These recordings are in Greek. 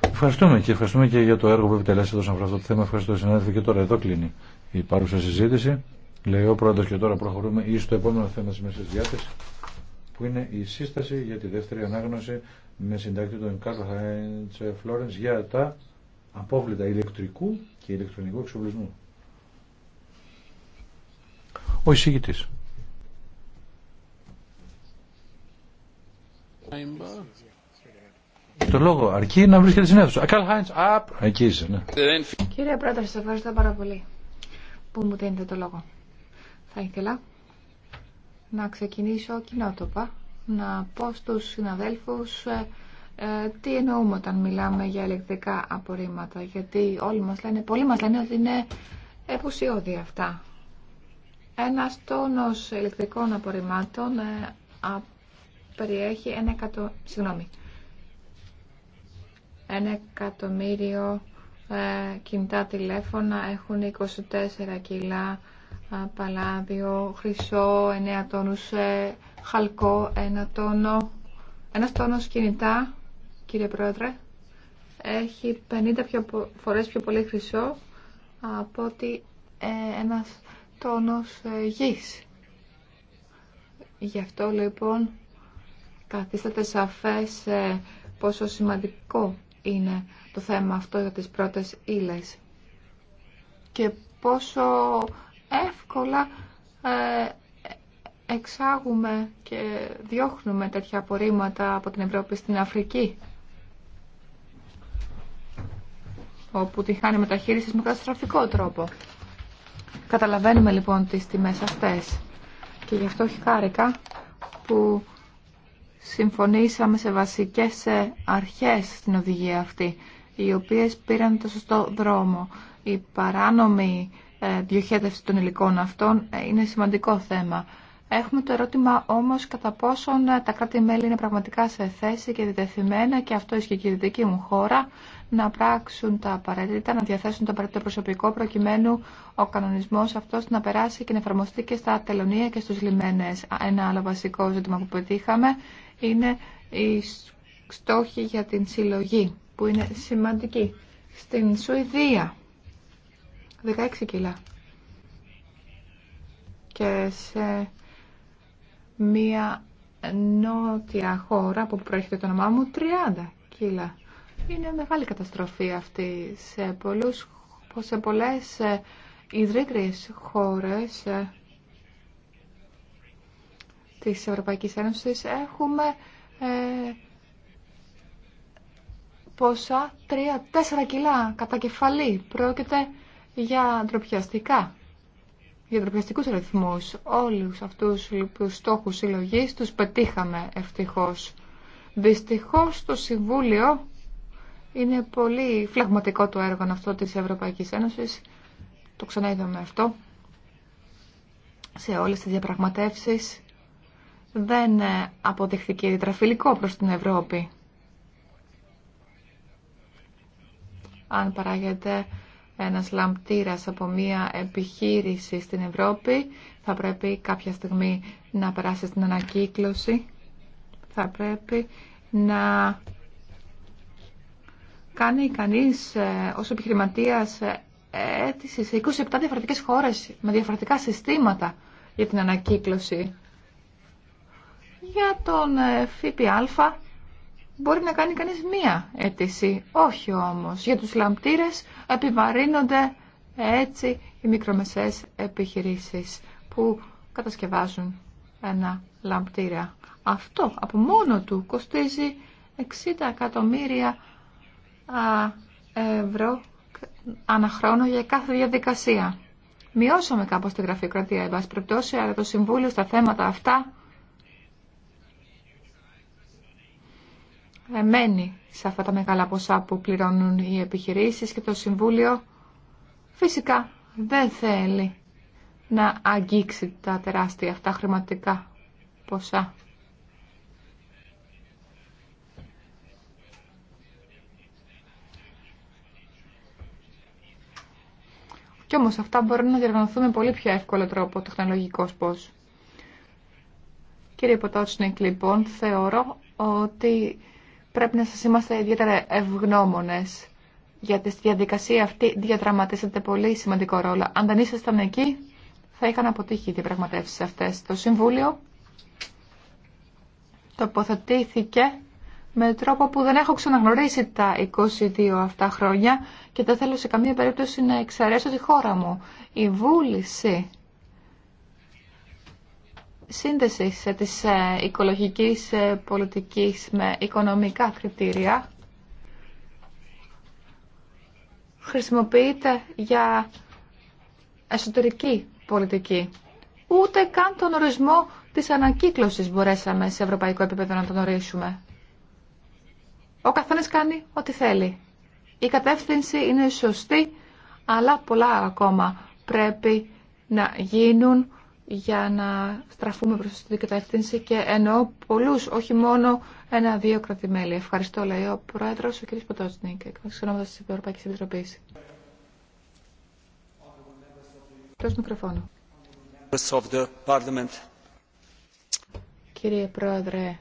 Ευχαριστούμε και ευχαριστούμε και για το έργο που επιτελέσατε εδώ σαν αυτό το θέμα. Ευχαριστώ συνάδελφο και τώρα εδώ κλείνει η παρούσα συζήτηση. Λέει ο πρόεδρο και τώρα προχωρούμε ή στο επόμενο θέμα τη μέσα διάθεση που είναι η σύσταση για τη δεύτερη ανάγνωση με συντάκτη των Κάρλ Χάιντ Φλόρεν για τα απόβλητα ηλεκτρικού και ηλεκτρονικού εξοπλισμού. Ο εισηγητή το λόγο, αρκεί να βρίσκεται στην αίθουσα. Καλ Χάιντ, απ, εκεί είσαι, ναι. Κύριε Πρόεδρε, σα ευχαριστώ πάρα πολύ που μου δίνετε το λόγο. Θα ήθελα να ξεκινήσω κοινότοπα, να πω στους συναδέλφους ε, ε, τι εννοούμε όταν μιλάμε για ηλεκτρικά απορρίμματα, γιατί όλοι μας λένε, πολλοί μας λένε ότι είναι επουσιώδη αυτά. Ένας τόνος ηλεκτρικών απορριμμάτων ε, περιέχει ένα εκατο... Συγγνώμη, ένα εκατομμύριο ε, κινητά τηλέφωνα έχουν 24 κιλά ε, παλάδιο, χρυσό, 9 τόνους ε, χαλκό, ένα τόνο. Ένας τόνος κινητά, κύριε Πρόεδρε, έχει 50 πιο, φορές πιο πολύ χρυσό από ότι ένας τόνος γης. Γι' αυτό λοιπόν καθίσταται σαφές πόσο σημαντικό είναι το θέμα αυτό για τις πρώτες ύλες και πόσο εύκολα ε, εξάγουμε και διώχνουμε τέτοια απορρίμματα από την Ευρώπη στην Αφρική όπου τη χάνει μεταχείριση με καταστροφικό τρόπο. Καταλαβαίνουμε λοιπόν τις τιμές αυτές και γι' αυτό χάρηκα που συμφωνήσαμε σε βασικές ε, αρχές στην οδηγία αυτή, οι οποίες πήραν το σωστό δρόμο. Η παράνομη ε, διοχέτευση των υλικών αυτών ε, είναι σημαντικό θέμα. Έχουμε το ερώτημα όμως κατά πόσον τα κράτη-μέλη είναι πραγματικά σε θέση και διτεθειμένα και αυτό ισχύει και η δική μου χώρα να πράξουν τα απαραίτητα, να διαθέσουν το απαραίτητο προσωπικό προκειμένου ο κανονισμός αυτός να περάσει και να εφαρμοστεί και στα τελωνία και στους λιμένες. Ένα άλλο βασικό ζήτημα που πετύχαμε είναι οι στόχοι για την συλλογή που είναι σημαντική. Στην Σουηδία 16 κιλά και σε μία νότια χώρα από που προέρχεται το όνομά μου 30 κιλά. Είναι μεγάλη καταστροφή αυτή σε, πολλούς, σε πολλές ε, ιδρύτριες χώρες ε, της Ευρωπαϊκής Ένωσης έχουμε ε, ποσά 3-4 κιλά κατά κεφαλή. Πρόκειται για ντροπιαστικά, για ντροπιαστικούς ρυθμούς. Όλους αυτούς τους στόχους συλλογή τους πετύχαμε ευτυχώς. Δυστυχώς το Συμβούλιο είναι πολύ φλεγματικό το έργο αυτό της Ευρωπαϊκής Ένωσης. Το ξαναείδαμε αυτό σε όλες τις διαπραγματεύσεις δεν αποδειχθηκε διτραφυλικό προς την Ευρώπη. Αν παράγεται ένας λαμπτήρας από μία επιχείρηση στην Ευρώπη, θα πρέπει κάποια στιγμή να περάσει στην ανακύκλωση. Θα πρέπει να κάνει κανείς ε, ως επιχειρηματίας ε, αίτηση σε 27 διαφορετικές χώρες με διαφορετικά συστήματα για την ανακύκλωση. Για τον ε, ΦΠΑ μπορεί να κάνει κανείς μία αίτηση. Όχι όμως. Για τους λαμπτήρες επιβαρύνονται έτσι οι μικρομεσαίες επιχειρήσεις που κατασκευάζουν ένα λαμπτήρα. Αυτό από μόνο του κοστίζει 60 εκατομμύρια ευρώ αναχρόνω για κάθε διαδικασία. Μειώσαμε κάπως τη γραφειοκρατία, εν πάση αλλά το Συμβούλιο στα θέματα αυτά μένει σε αυτά τα μεγάλα ποσά που πληρώνουν οι επιχειρήσεις και το Συμβούλιο φυσικά δεν θέλει να αγγίξει τα τεράστια αυτά χρηματικά ποσά. Κι όμως αυτά μπορούν να διοργανωθούν με πολύ πιο εύκολο τρόπο τεχνολογικός πώς. Κύριε Ποτότσνικ, λοιπόν, θεωρώ ότι πρέπει να σας είμαστε ιδιαίτερα ευγνώμονες για τη διαδικασία αυτή διαδραματίσατε πολύ σημαντικό ρόλο. Αν δεν ήσασταν εκεί, θα είχαν αποτύχει οι διαπραγματεύσει αυτές. Το Συμβούλιο τοποθετήθηκε με τρόπο που δεν έχω ξαναγνωρίσει τα 22 αυτά χρόνια και δεν θέλω σε καμία περίπτωση να εξαρέσω τη χώρα μου. Η βούληση σύνδεση της ε, οικολογικής ε, πολιτικής με οικονομικά κριτήρια χρησιμοποιείται για εσωτερική πολιτική. Ούτε καν τον ορισμό της ανακύκλωσης μπορέσαμε σε ευρωπαϊκό επίπεδο να τον ορίσουμε. Ο καθένας κάνει ό,τι θέλει. Η κατεύθυνση είναι σωστή, αλλά πολλά ακόμα πρέπει να γίνουν για να στραφούμε προς την κατεύθυνση και εννοώ πολλούς, όχι μόνο ένα-δύο κρατημέλη. Ευχαριστώ, λέει ο Πρόεδρος, ο κ. Ποτότσνικ, εκ ονόματος της Ευρωπαϊκής Επιτροπής. Μικροφόνο. Κύριε Πρόεδρε,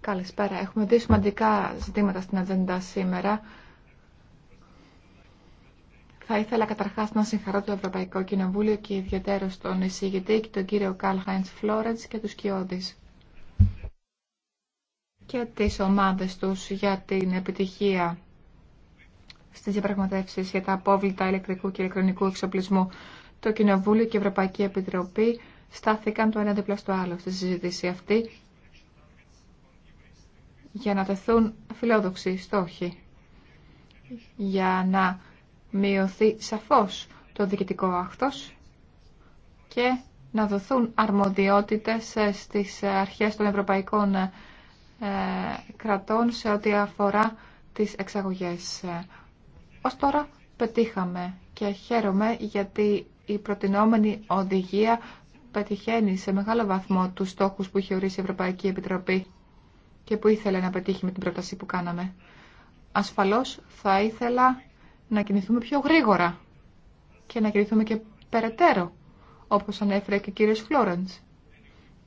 καλησπέρα. Έχουμε δύο σημαντικά ζητήματα στην ατζέντα σήμερα. Θα ήθελα καταρχάς να συγχαρώ το Ευρωπαϊκό Κοινοβούλιο και ιδιαίτερω τον εισηγητή και τον κύριο Καλ Χάιντ Φλόρεντς και τους Κιώδη. και τις ομάδες τους για την επιτυχία στι διαπραγματεύσει για τα απόβλητα ηλεκτρικού και ηλεκτρονικού εξοπλισμού. Το Κοινοβούλιο και η Ευρωπαϊκή Επιτροπή στάθηκαν το ένα δίπλα στο άλλο στη συζήτηση αυτή για να τεθούν φιλόδοξοι στόχοι, για να μειωθεί σαφώς το διοικητικό άκτος και να δοθούν αρμοδιότητες ε, στις ε, αρχές των ευρωπαϊκών ε, κρατών σε ό,τι αφορά τις εξαγωγές. Ως τώρα πετύχαμε και χαίρομαι γιατί η προτινόμενη οδηγία πετυχαίνει σε μεγάλο βαθμό τους στόχους που είχε ορίσει η Ευρωπαϊκή Επιτροπή και που ήθελε να πετύχει με την πρόταση που κάναμε. Ασφαλώς θα ήθελα να κινηθούμε πιο γρήγορα και να κινηθούμε και περαιτέρω, όπως ανέφερε και ο κύριος Φλόρεντς.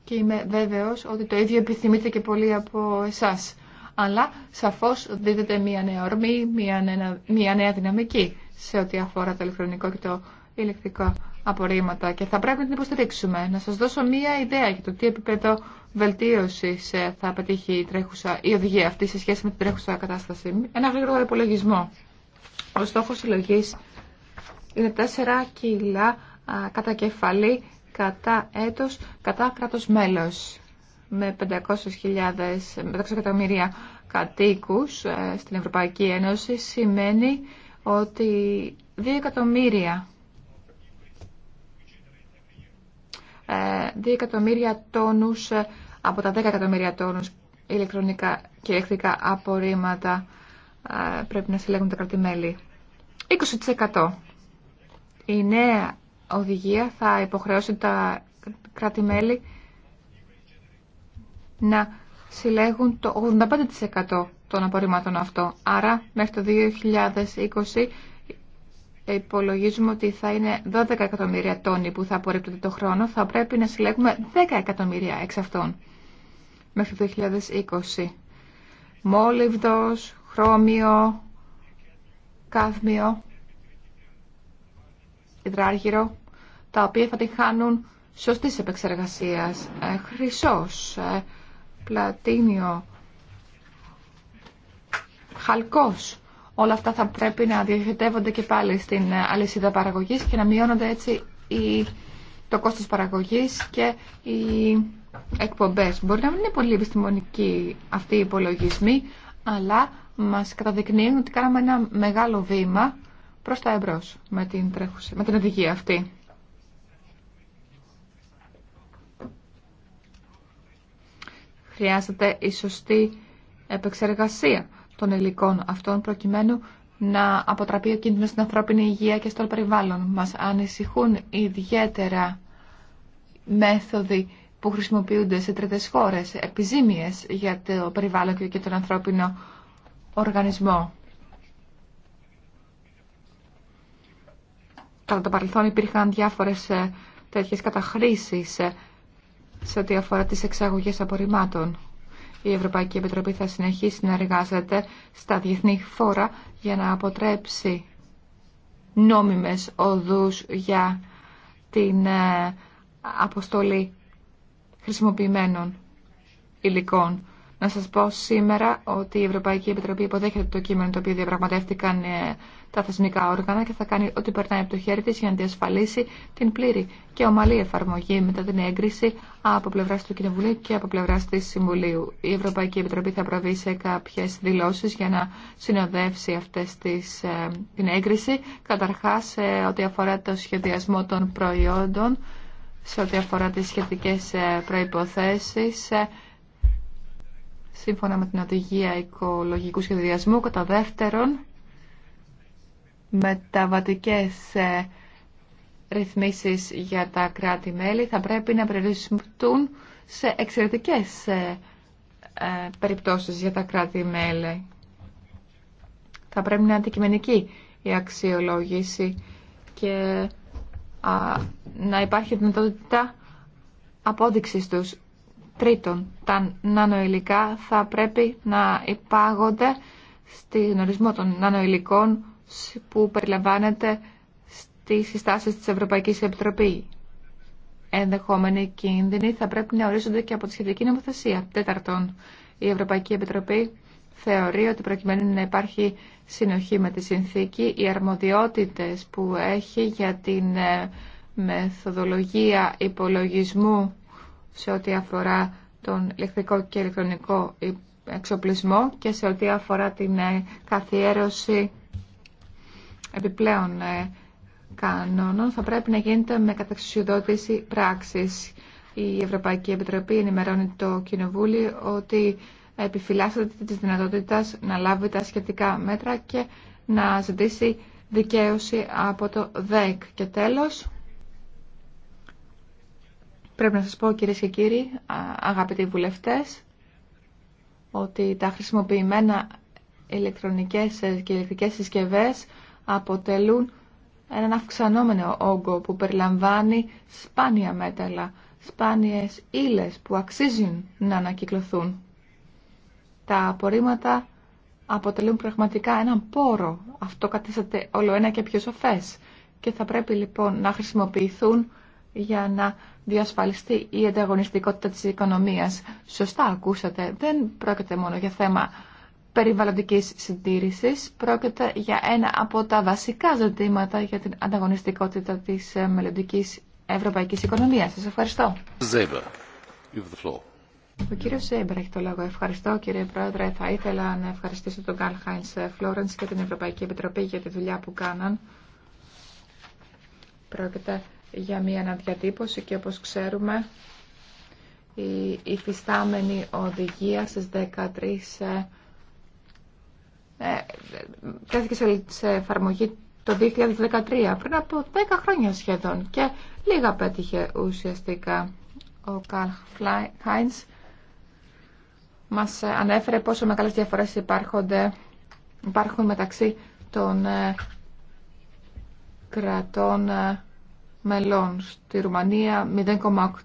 Και είμαι βέβαιος ότι το ίδιο επιθυμείτε και πολλοί από εσάς. Αλλά σαφώς δίδεται μια νέα ορμή, μια νέα, μια νέα δυναμική σε ό,τι αφορά το ηλεκτρονικό και το ηλεκτρικό απορρίμματα και θα πρέπει να την υποστηρίξουμε. Να σας δώσω μία ιδέα για το τι επίπεδο βελτίωση ε, θα πετύχει η, τρέχουσα, η οδηγία αυτή σε σχέση με την τρέχουσα κατάσταση. Ένα γρήγορο υπολογισμό. Ο στόχος συλλογής είναι 4 κιλά κατά κεφαλή κατά έτος κατά κράτος μέλος με 500.000 500 εκατομμύρια κατοίκους ε, στην Ευρωπαϊκή Ένωση σημαίνει ότι 2 εκατομμύρια 2 ε, εκατομμύρια τόνους ε, από τα 10 εκατομμύρια τόνους ηλεκτρονικά και ηλεκτρικά απορρίμματα πρέπει να συλλέγουν τα κρατημέλη. 20%. Η νέα οδηγία θα υποχρεώσει τα κράτη-μέλη να συλλέγουν το 85% των απορριμμάτων αυτό. Άρα μέχρι το 2020 υπολογίζουμε ότι θα είναι 12 εκατομμύρια τόνοι που θα απορρίπτονται το χρόνο. Θα πρέπει να συλλέγουμε 10 εκατομμύρια εξ αυτών μέχρι το 2020. Μόλιβδος, χρώμιο, κάδμιο, υδράργυρο, τα οποία θα τη χάνουν σωστής επεξεργασίας. Ε, χρυσός, ε, πλατίνιο, χαλκός. Όλα αυτά θα πρέπει να διοχετεύονται και πάλι στην ε, αλυσίδα παραγωγής και να μειώνονται έτσι το κόστος παραγωγής και οι εκπομπές. Μπορεί να μην είναι πολύ επιστημονική αυτή η υπολογισμή, αλλά μας καταδεικνύουν ότι κάναμε ένα μεγάλο βήμα προς τα εμπρός με την, τρέχουσα, με την οδηγία αυτή. Χρειάζεται η σωστή επεξεργασία των υλικών αυτών προκειμένου να αποτραπεί ο κίνδυνος στην ανθρώπινη υγεία και στο περιβάλλον. Μας ανησυχούν ιδιαίτερα μέθοδοι που χρησιμοποιούνται σε τρίτες χώρες, επιζήμιες για το περιβάλλον και τον ανθρώπινο οργανισμό. Κατά το παρελθόν υπήρχαν διάφορες ε, τέτοιες καταχρήσεις ε, σε ό,τι αφορά τις εξαγωγές απορριμμάτων. Η Ευρωπαϊκή Επιτροπή θα συνεχίσει να εργάζεται στα διεθνή φόρα για να αποτρέψει νόμιμες οδούς για την ε, αποστολή χρησιμοποιημένων υλικών. Να σας πω σήμερα ότι η Ευρωπαϊκή Επιτροπή υποδέχεται το κείμενο το οποίο διαπραγματεύτηκαν ε, τα θεσμικά όργανα και θα κάνει ό,τι περνάει από το χέρι της για να διασφαλίσει την πλήρη και ομαλή εφαρμογή μετά την έγκριση από πλευρά του Κοινοβουλίου και από πλευρά τη Συμβουλίου. Η Ευρωπαϊκή Επιτροπή θα προβεί σε κάποιε δηλώσει για να συνοδεύσει αυτές τις, ε, την έγκριση. Καταρχά, ε, ό,τι αφορά το σχεδιασμό των προϊόντων, σε ό,τι αφορά τις σχετικές προϋποθέσεις σύμφωνα με την οδηγία οικολογικού σχεδιασμού. Κατά δεύτερον, μεταβατικές ε, ρυθμίσεις για τα κράτη-μέλη θα πρέπει να περιοριστούν σε εξαιρετικές ε, ε, περιπτώσεις για τα κράτη-μέλη. Θα πρέπει να είναι αντικειμενική η αξιολόγηση και να υπάρχει δυνατότητα απόδειξης τους Τρίτον, τα νανοηλικά θα πρέπει να υπάγονται στη γνωρισμό των νανοηλικών που περιλαμβάνεται στις συστάσεις της Ευρωπαϊκής Επιτροπής. Ενδεχόμενοι κίνδυνοι θα πρέπει να ορίζονται και από τη σχετική νομοθεσία. Τέταρτον, η Ευρωπαϊκή Επιτροπή θεωρεί ότι προκειμένου να υπάρχει συνοχή με τη συνθήκη, οι αρμοδιότητες που έχει για την ε, μεθοδολογία υπολογισμού σε ό,τι αφορά τον ηλεκτρικό και ηλεκτρονικό εξοπλισμό και σε ό,τι αφορά την ε, καθιέρωση επιπλέον ε, κανόνων θα πρέπει να γίνεται με καταξιοδότηση πράξης. Η Ευρωπαϊκή Επιτροπή ενημερώνει το Κοινοβούλιο ότι επιφυλάσσεται της δυνατότητας να λάβει τα σχετικά μέτρα και να ζητήσει δικαίωση από το ΔΕΚ. Και τέλος, Πρέπει να σας πω κυρίε και κύριοι, αγαπητοί βουλευτές, ότι τα χρησιμοποιημένα ηλεκτρονικές ε, και ηλεκτρικές συσκευές αποτελούν έναν αυξανόμενο όγκο που περιλαμβάνει σπάνια μέταλλα, σπάνιες ύλες που αξίζουν να ανακυκλωθούν. Τα απορρίμματα αποτελούν πραγματικά έναν πόρο. Αυτό κατήσατε όλο ένα και πιο σοφές και θα πρέπει λοιπόν να χρησιμοποιηθούν για να διασφαλιστεί η ανταγωνιστικότητα της οικονομίας. Σωστά ακούσατε, δεν πρόκειται μόνο για θέμα περιβαλλοντικής συντήρησης, πρόκειται για ένα από τα βασικά ζητήματα για την ανταγωνιστικότητα της ε, μελλοντική ευρωπαϊκής οικονομίας. Σας ευχαριστώ. Zebra, have the floor. Ο κύριος Σέμπερ έχει το λόγο. Ευχαριστώ κύριε Πρόεδρε. Θα ήθελα να ευχαριστήσω τον Καρλ Χάινς ε, Φλόρενς και την Ευρωπαϊκή Επιτροπή για τη δουλειά που κάναν. Πρόκειται για μια αναδιατύπωση και όπως ξέρουμε η υφιστάμενη οδηγία στις 13 ε, ε, τέθηκε σε εφαρμογή το 2013, πριν από 10 χρόνια σχεδόν και λίγα πέτυχε ουσιαστικά ο Καρλ Χάινς μας ανέφερε πόσο μεγάλες διαφορές υπάρχουν μεταξύ των ε, κρατών μελών. Στη Ρουμανία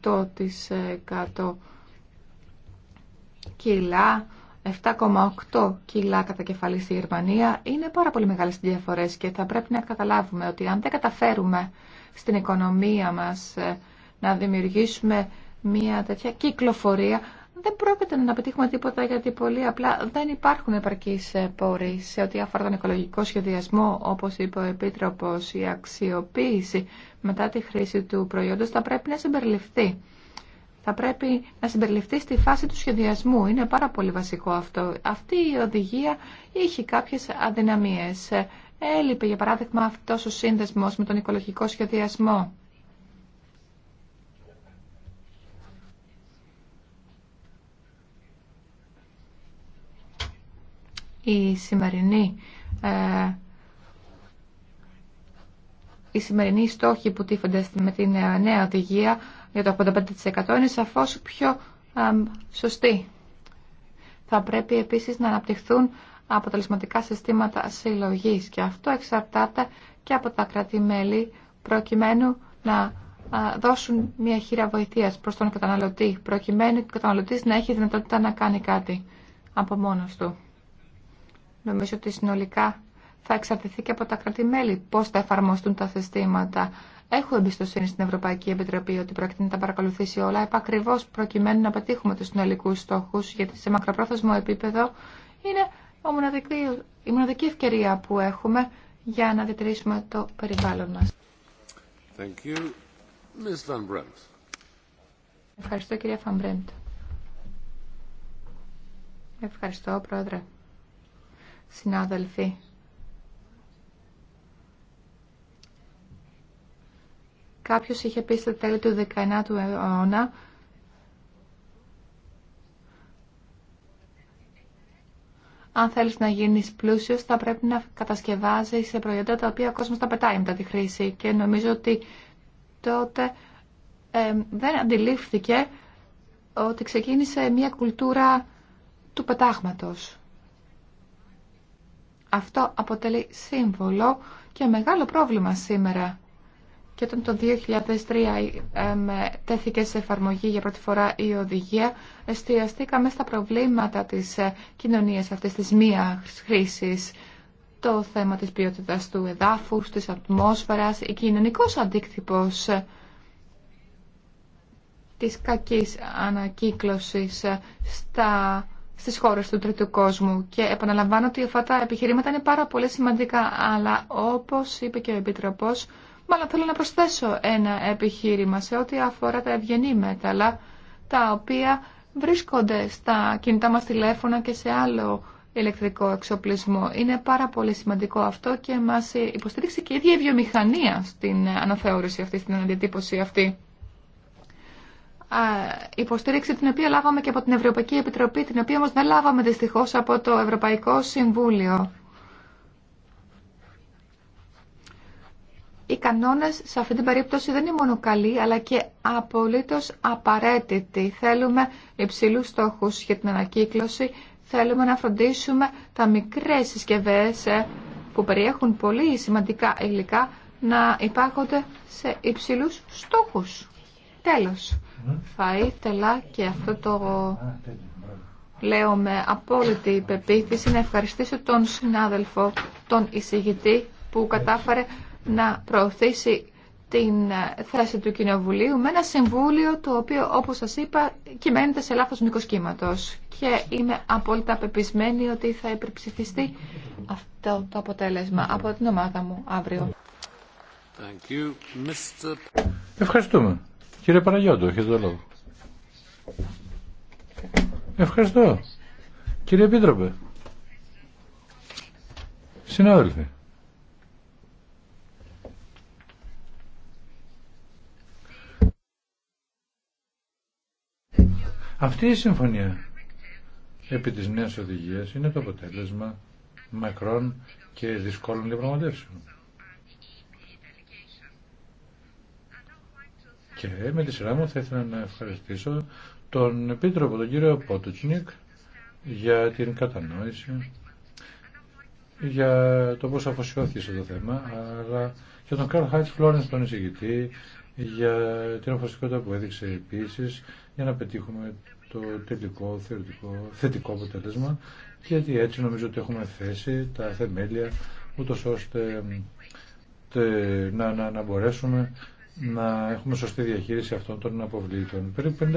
0,8% κιλά, 7,8 κιλά κατά κεφαλή στη Γερμανία. Είναι πάρα πολύ μεγάλες διαφορές και θα πρέπει να καταλάβουμε ότι αν δεν καταφέρουμε στην οικονομία μας ε, να δημιουργήσουμε μια τέτοια κυκλοφορία δεν πρόκειται να πετύχουμε τίποτα γιατί πολύ απλά δεν υπάρχουν επαρκεί ε, πόροι σε ό,τι αφορά τον οικολογικό σχεδιασμό, όπως είπε ο επίτροπο, η αξιοποίηση μετά τη χρήση του προϊόντος θα πρέπει να συμπεριληφθεί. Θα πρέπει να συμπεριληφθεί στη φάση του σχεδιασμού. Είναι πάρα πολύ βασικό αυτό. Αυτή η οδηγία είχε κάποιε αδυναμίες. Ε, έλειπε, για παράδειγμα, αυτό ο σύνδεσμό με τον οικολογικό σχεδιασμό η σημερινή ε, οι σημερινοί στόχοι που τύφονται με την ε, νέα οδηγία για το 85% είναι σαφώς πιο σωστή. Θα πρέπει επίσης να αναπτυχθούν αποτελεσματικά συστήματα συλλογής και αυτό εξαρτάται και από τα κράτη-μέλη προκειμένου να δώσουν μια χείρα βοηθείας προς τον καταναλωτή προκειμένου ο καταναλωτής να έχει δυνατότητα να κάνει κάτι από μόνος του. Νομίζω ότι συνολικά θα εξαρτηθεί και από τα κράτη-μέλη πώς θα εφαρμοστούν τα συστήματα. Έχω εμπιστοσύνη στην Ευρωπαϊκή Επιτροπή ότι πρόκειται να τα παρακολουθήσει όλα επακριβώ προκειμένου να πετύχουμε του συνολικού στόχου, γιατί σε μακροπρόθεσμο επίπεδο είναι η μοναδική ευκαιρία που έχουμε για να διατηρήσουμε το περιβάλλον μα. Ευχαριστώ κυρία Φαμπρέντ. Ευχαριστώ πρόεδρε συνάδελφοι. Κάποιος είχε πει στο τέλη του 19ου αιώνα αν θέλεις να γίνεις πλούσιος θα πρέπει να κατασκευάζεις σε προϊόντα τα οποία ο κόσμος τα πετάει μετά τη χρήση και νομίζω ότι τότε δεν αντιλήφθηκε ότι ξεκίνησε μια κουλτούρα του πετάγματος. Αυτό αποτελεί σύμβολο και μεγάλο πρόβλημα σήμερα. Και όταν το 2003 τέθηκε σε εφαρμογή για πρώτη φορά η οδηγία, εστιαστήκαμε στα προβλήματα της ε, κοινωνίας αυτής της μία χρήσης το θέμα της ποιότητας του εδάφους, της ατμόσφαιρας, η κοινωνικός αντίκτυπος ε, της κακής ανακύκλωσης ε, στα Στι χώρε του τρίτου κόσμου και επαναλαμβάνω ότι αυτά τα επιχειρήματα είναι πάρα πολύ σημαντικά αλλά όπως είπε και ο Επίτροπος μάλλον θέλω να προσθέσω ένα επιχείρημα σε ό,τι αφορά τα ευγενή μέταλλα τα οποία βρίσκονται στα κινητά μα τηλέφωνα και σε άλλο ηλεκτρικό εξοπλισμό. Είναι πάρα πολύ σημαντικό αυτό και μας υποστήριξε και η ίδια η βιομηχανία στην αναθεώρηση αυτή, στην αναδιατύπωση αυτή υποστήριξη την οποία λάβαμε και από την Ευρωπαϊκή Επιτροπή, την οποία όμως δεν λάβαμε δυστυχώς από το Ευρωπαϊκό Συμβούλιο. Οι κανόνες σε αυτή την περίπτωση δεν είναι μόνο καλοί, αλλά και απολύτως απαραίτητοι. Θέλουμε υψηλούς στόχους για την ανακύκλωση, θέλουμε να φροντίσουμε τα μικρές συσκευές ε, που περιέχουν πολύ σημαντικά υλικά να υπάρχονται σε υψηλούς στόχους. Τέλος. Θα ήθελα και αυτό το λέω με απόλυτη υπεποίθηση να ευχαριστήσω τον συνάδελφο, τον εισηγητή που κατάφερε να προωθήσει την θέση του Κοινοβουλίου με ένα συμβούλιο το οποίο όπως σας είπα κυμαίνεται σε λάθος μήκος κύματος και είμαι απόλυτα πεπισμένη ότι θα υπερψηφιστεί αυτό το αποτέλεσμα από την ομάδα μου αύριο. Thank you, Κύριε Παναγιώτο, έχετε το λόγο. Ευχαριστώ. Κύριε Επίτροπε. Συνάδελφοι. Αυτή η συμφωνία επί της νέας οδηγίας είναι το αποτέλεσμα μακρών και δυσκόλων διαπραγματεύσεων. Και με τη σειρά μου θα ήθελα να ευχαριστήσω τον Επίτροπο, τον κύριο Πότουτσνικ, για την κατανόηση, για το πώς αφοσιώθηκε σε το θέμα, αλλά και τον Καρλ Χάιτς Φλόρενς, τον εισηγητή, για την αφοσιωτικότητα που έδειξε επίσης, για να πετύχουμε το τελικό θεωρητικό, θετικό αποτέλεσμα, γιατί έτσι νομίζω ότι έχουμε θέσει τα θεμέλια, ούτως ώστε ε, να, να μπορέσουμε να έχουμε σωστή διαχείριση αυτών των αποβλήτων. Περίπου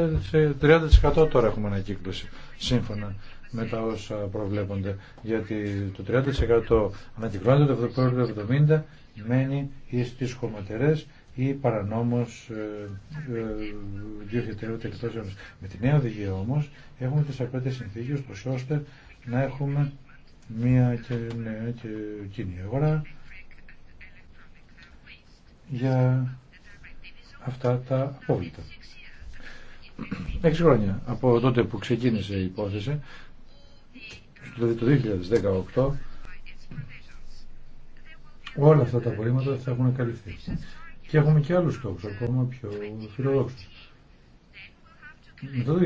30% τώρα έχουμε ανακύκλωση, σύμφωνα με τα όσα προβλέπονται. Γιατί το 30% ανακυκλώνεται, το 70% μένει ή στις χωματερές ή παρανόμως ε, ε, διοχετεύεται Με τη νέα οδηγία όμως έχουμε τις απέτες συνθήκες ώστε να έχουμε μία και, νέα και κοινή αγορά για αυτά τα απόβλητα. Έξι χρόνια από τότε που ξεκίνησε η υπόθεση, δηλαδή το 2018, όλα αυτά τα απορρίμματα θα έχουν καλυφθεί. Και έχουμε και άλλους στόχους ακόμα πιο φιλοδόξους. Με το 2019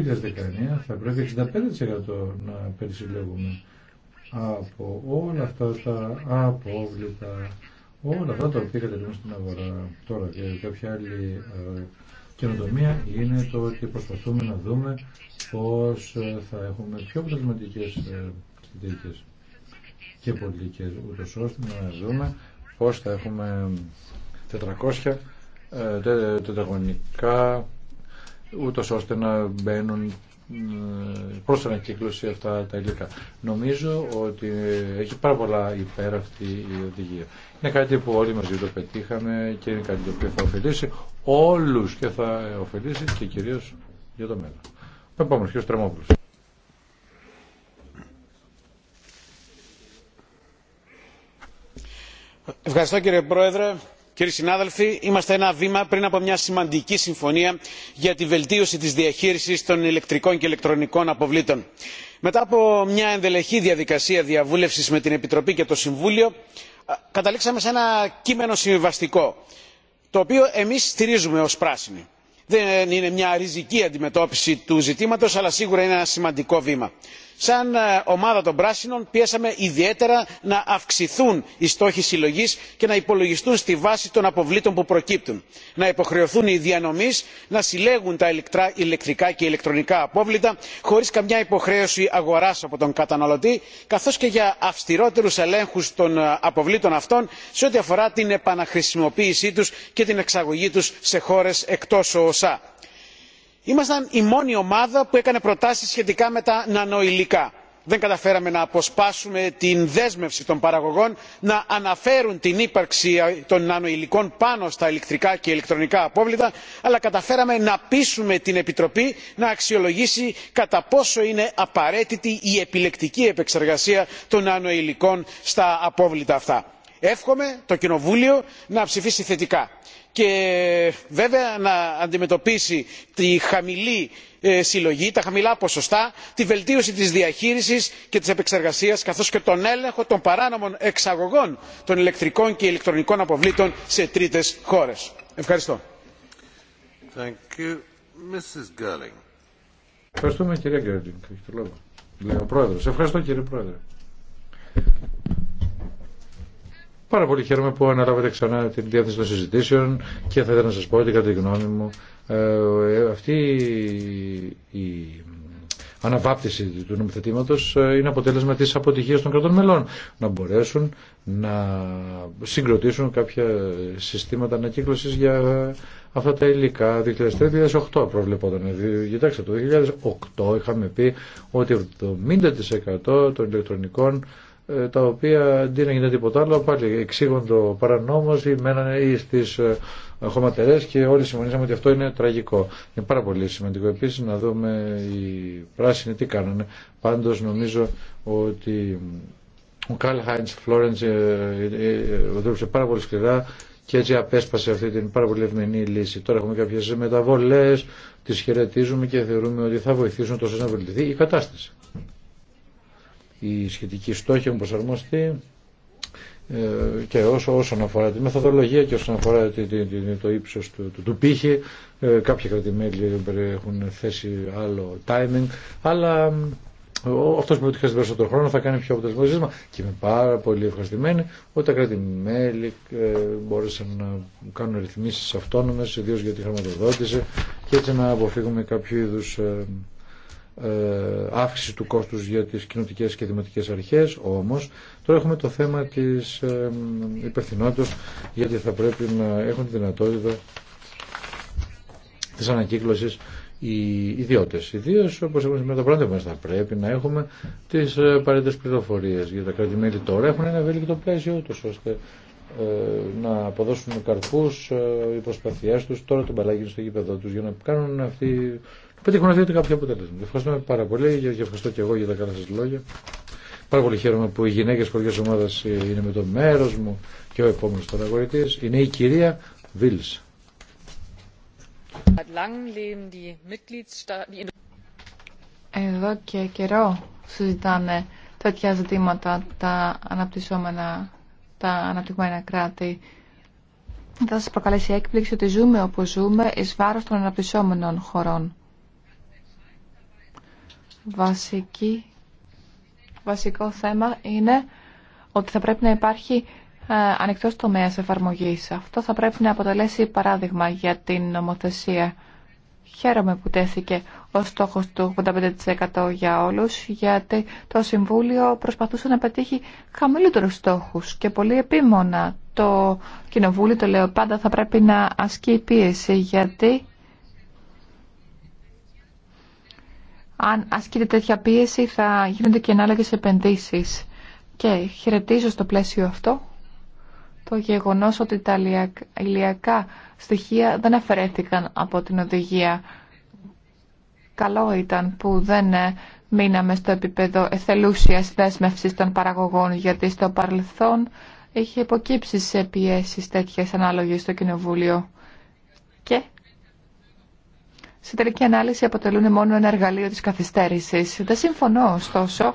θα πρέπει 65% να περισυλλέγουμε από όλα αυτά τα απόβλητα Όλα αυτά τα οποία κατελήγουν στην αγορά τώρα και κάποια άλλη ε, καινοτομία είναι το ότι προσπαθούμε να δούμε πώς ε, θα έχουμε πιο αποτελεσματικές ε, συνθήκε και πολιτικές ούτως ώστε να δούμε πώς θα έχουμε 400 τετραγωνικά ούτως ώστε να μπαίνουν πώς ανακύκλωση αυτά τα υλικά. Νομίζω ότι έχει πάρα πολλά υπέρ η οδηγία. Είναι κάτι που όλοι μαζί το πετύχαμε και είναι κάτι το οποίο θα ωφελήσει όλους και θα ωφελήσει και κυρίως για το μέλλον. Ο Στρεμόπουλος. Ευχαριστώ κύριε Πρόεδρε κύριοι συνάδελφοι είμαστε ένα βήμα πριν από μια σημαντική συμφωνία για τη βελτίωση της διαχείρισης των ηλεκτρικών και ηλεκτρονικών αποβλήτων. μετά από μια ενδελεχή διαδικασία διαβούλευσης με την επιτροπή και το συμβούλιο καταλήξαμε σε ένα κείμενο συμβιβαστικό το οποίο εμείς στηρίζουμε ως πράσινοι. δεν είναι μια ριζική αντιμετώπιση του ζητήματος αλλά σίγουρα είναι ένα σημαντικό βήμα σαν ε, ομάδα των πράσινων πιέσαμε ιδιαίτερα να αυξηθούν οι στόχοι συλλογή και να υπολογιστούν στη βάση των αποβλήτων που προκύπτουν να υποχρεωθούν οι διανομείς να συλλέγουν τα ηλεκτρικά και ηλεκτρονικά απόβλητα χωρίς καμιά υποχρέωση αγοράς από τον καταναλωτή καθώς και για αυστηρότερους ελέγχους των ε, αποβλήτων αυτών σε ό,τι αφορά την επαναχρησιμοποίησή τους και την εξαγωγή τους σε χώρες εκτός οσα ήμασταν η μόνη ομάδα που έκανε προτάσει σχετικά με τα νανοηλικά. δεν καταφέραμε να αποσπάσουμε την δέσμευση των παραγωγών να αναφέρουν την ύπαρξη των νανοηλικών πάνω στα ηλεκτρικά και ηλεκτρονικά απόβλητα αλλά καταφέραμε να πείσουμε την επιτροπή να αξιολογήσει κατά πόσο είναι απαραίτητη η επιλεκτική επεξεργασία των νανοηλικών στα απόβλητα αυτά. εύχομαι το κοινοβούλιο να ψηφίσει θετικά και βέβαια να αντιμετωπίσει τη χαμηλή ε, συλλογή τα χαμηλά ποσοστά τη βελτίωση της διαχείρισης και της επεξεργασίας καθώς και τον έλεγχο των παράνομων εξαγωγών των ηλεκτρικών και ηλεκτρονικών αποβλήτων σε τρίτες χώρες. Ευχαριστώ. Πάρα πολύ χαίρομαι που αναλάβατε ξανά την διάθεση των συζητήσεων και θα ήθελα να σας πω ότι κατά τη γνώμη μου ε, ε, αυτή η αναβάπτιση του νομοθετήματος ε, είναι αποτέλεσμα της αποτυχίας των κρατών μελών να μπορέσουν να συγκροτήσουν κάποια συστήματα ανακύκλωσης για αυτά τα υλικά 2003-2008 προβλεπόταν. Κοιτάξτε, το 2008 είχαμε πει ότι 70% των ηλεκτρονικών ε, τα οποία αντί να γίνεται τίποτα άλλο πάλι εξήγουν το παρανόμος ή μένανε ή στις ε, χωματερές και όλοι συμφωνήσαμε ότι αυτό είναι τραγικό. Είναι πάρα πολύ σημαντικό επίσης να δούμε οι πράσινοι τι κάνανε. Πάντως νομίζω ότι ο Καλ Χάιντς Φλόρεντς ε, δούλεψε πάρα πολύ σκληρά και έτσι απέσπασε αυτή την πάρα πολύ ευμενή λύση. Τώρα έχουμε κάποιες μεταβολές, τις χαιρετίζουμε και θεωρούμε ότι θα βοηθήσουν τόσο να βελτιθεί η κατάσταση οι σχετικοί στόχοι έχουν προσαρμοστεί ε, και όσο, όσον αφορά τη μεθοδολογία και όσον αφορά το ύψος του, του, του πύχη ε, κάποια κρατημέλη έχουν θέσει άλλο timing αλλά ε, αυτό που χρειάζεται περισσότερο χρόνο θα κάνει πιο αποτελεσματικό και είμαι πάρα πολύ ευχαριστημένη ότι τα κράτη-μέλη μπόρεσαν να κάνουν ρυθμίσει αυτόνομε, ιδίω για τη χρηματοδότηση και έτσι να αποφύγουμε κάποιο είδου ε, αύξηση του κόστους για τις κοινωτικές και δημοτικές αρχές όμως τώρα έχουμε το θέμα της ε, υπευθυνότητας γιατί θα πρέπει να έχουν τη δυνατότητα της ανακύκλωσης οι ιδιώτες. Ιδίω όπως έχουμε σήμερα το πρώτο μας θα πρέπει να έχουμε τις ε, παρέντες πληροφορίε για τα κρατημέλη τώρα έχουν ένα το πλαίσιο τους ώστε να αποδώσουν καρπούς οι προσπαθειές τους τώρα τον μπαλάκι στο γήπεδο τους για να κάνουν αυτή πετύχουν κάποιο αποτέλεσμα. Ευχαριστούμε πάρα πολύ και ευχαριστώ και εγώ για τα καλά σα λόγια. Πάρα πολύ χαίρομαι που οι γυναίκε χωριέ ομάδα είναι με το μέρο μου και ο επόμενο παραγωγητή είναι η κυρία Βίλ. Εδώ και καιρό συζητάνε τέτοια ζητήματα τα αναπτυσσόμενα, τα αναπτυγμένα κράτη. Θα σας προκαλέσει έκπληξη ότι ζούμε όπως ζούμε εις βάρος των αναπτυσσόμενων χωρών βασική, βασικό θέμα είναι ότι θα πρέπει να υπάρχει ε, ανοιχτός τομέας εφαρμογής. Αυτό θα πρέπει να αποτελέσει παράδειγμα για την νομοθεσία. Χαίρομαι που τέθηκε ο στόχος του 85% για όλους, γιατί το Συμβούλιο προσπαθούσε να πετύχει χαμηλότερους στόχους και πολύ επίμονα. Το Κοινοβούλιο, το λέω πάντα, θα πρέπει να ασκεί πίεση, γιατί αν ασκείται τέτοια πίεση θα γίνονται και ανάλογες επενδύσεις. Και χαιρετίζω στο πλαίσιο αυτό το γεγονός ότι τα ηλιακά στοιχεία δεν αφαιρέθηκαν από την οδηγία. Καλό ήταν που δεν ε, μείναμε στο επίπεδο εθελούσιας δέσμευσης των παραγωγών, γιατί στο παρελθόν είχε υποκύψει σε πιέσεις τέτοιες ανάλογες στο Κοινοβούλιο. Και σε τελική ανάλυση αποτελούν μόνο ένα εργαλείο της καθυστέρησης. Δεν συμφωνώ, ωστόσο,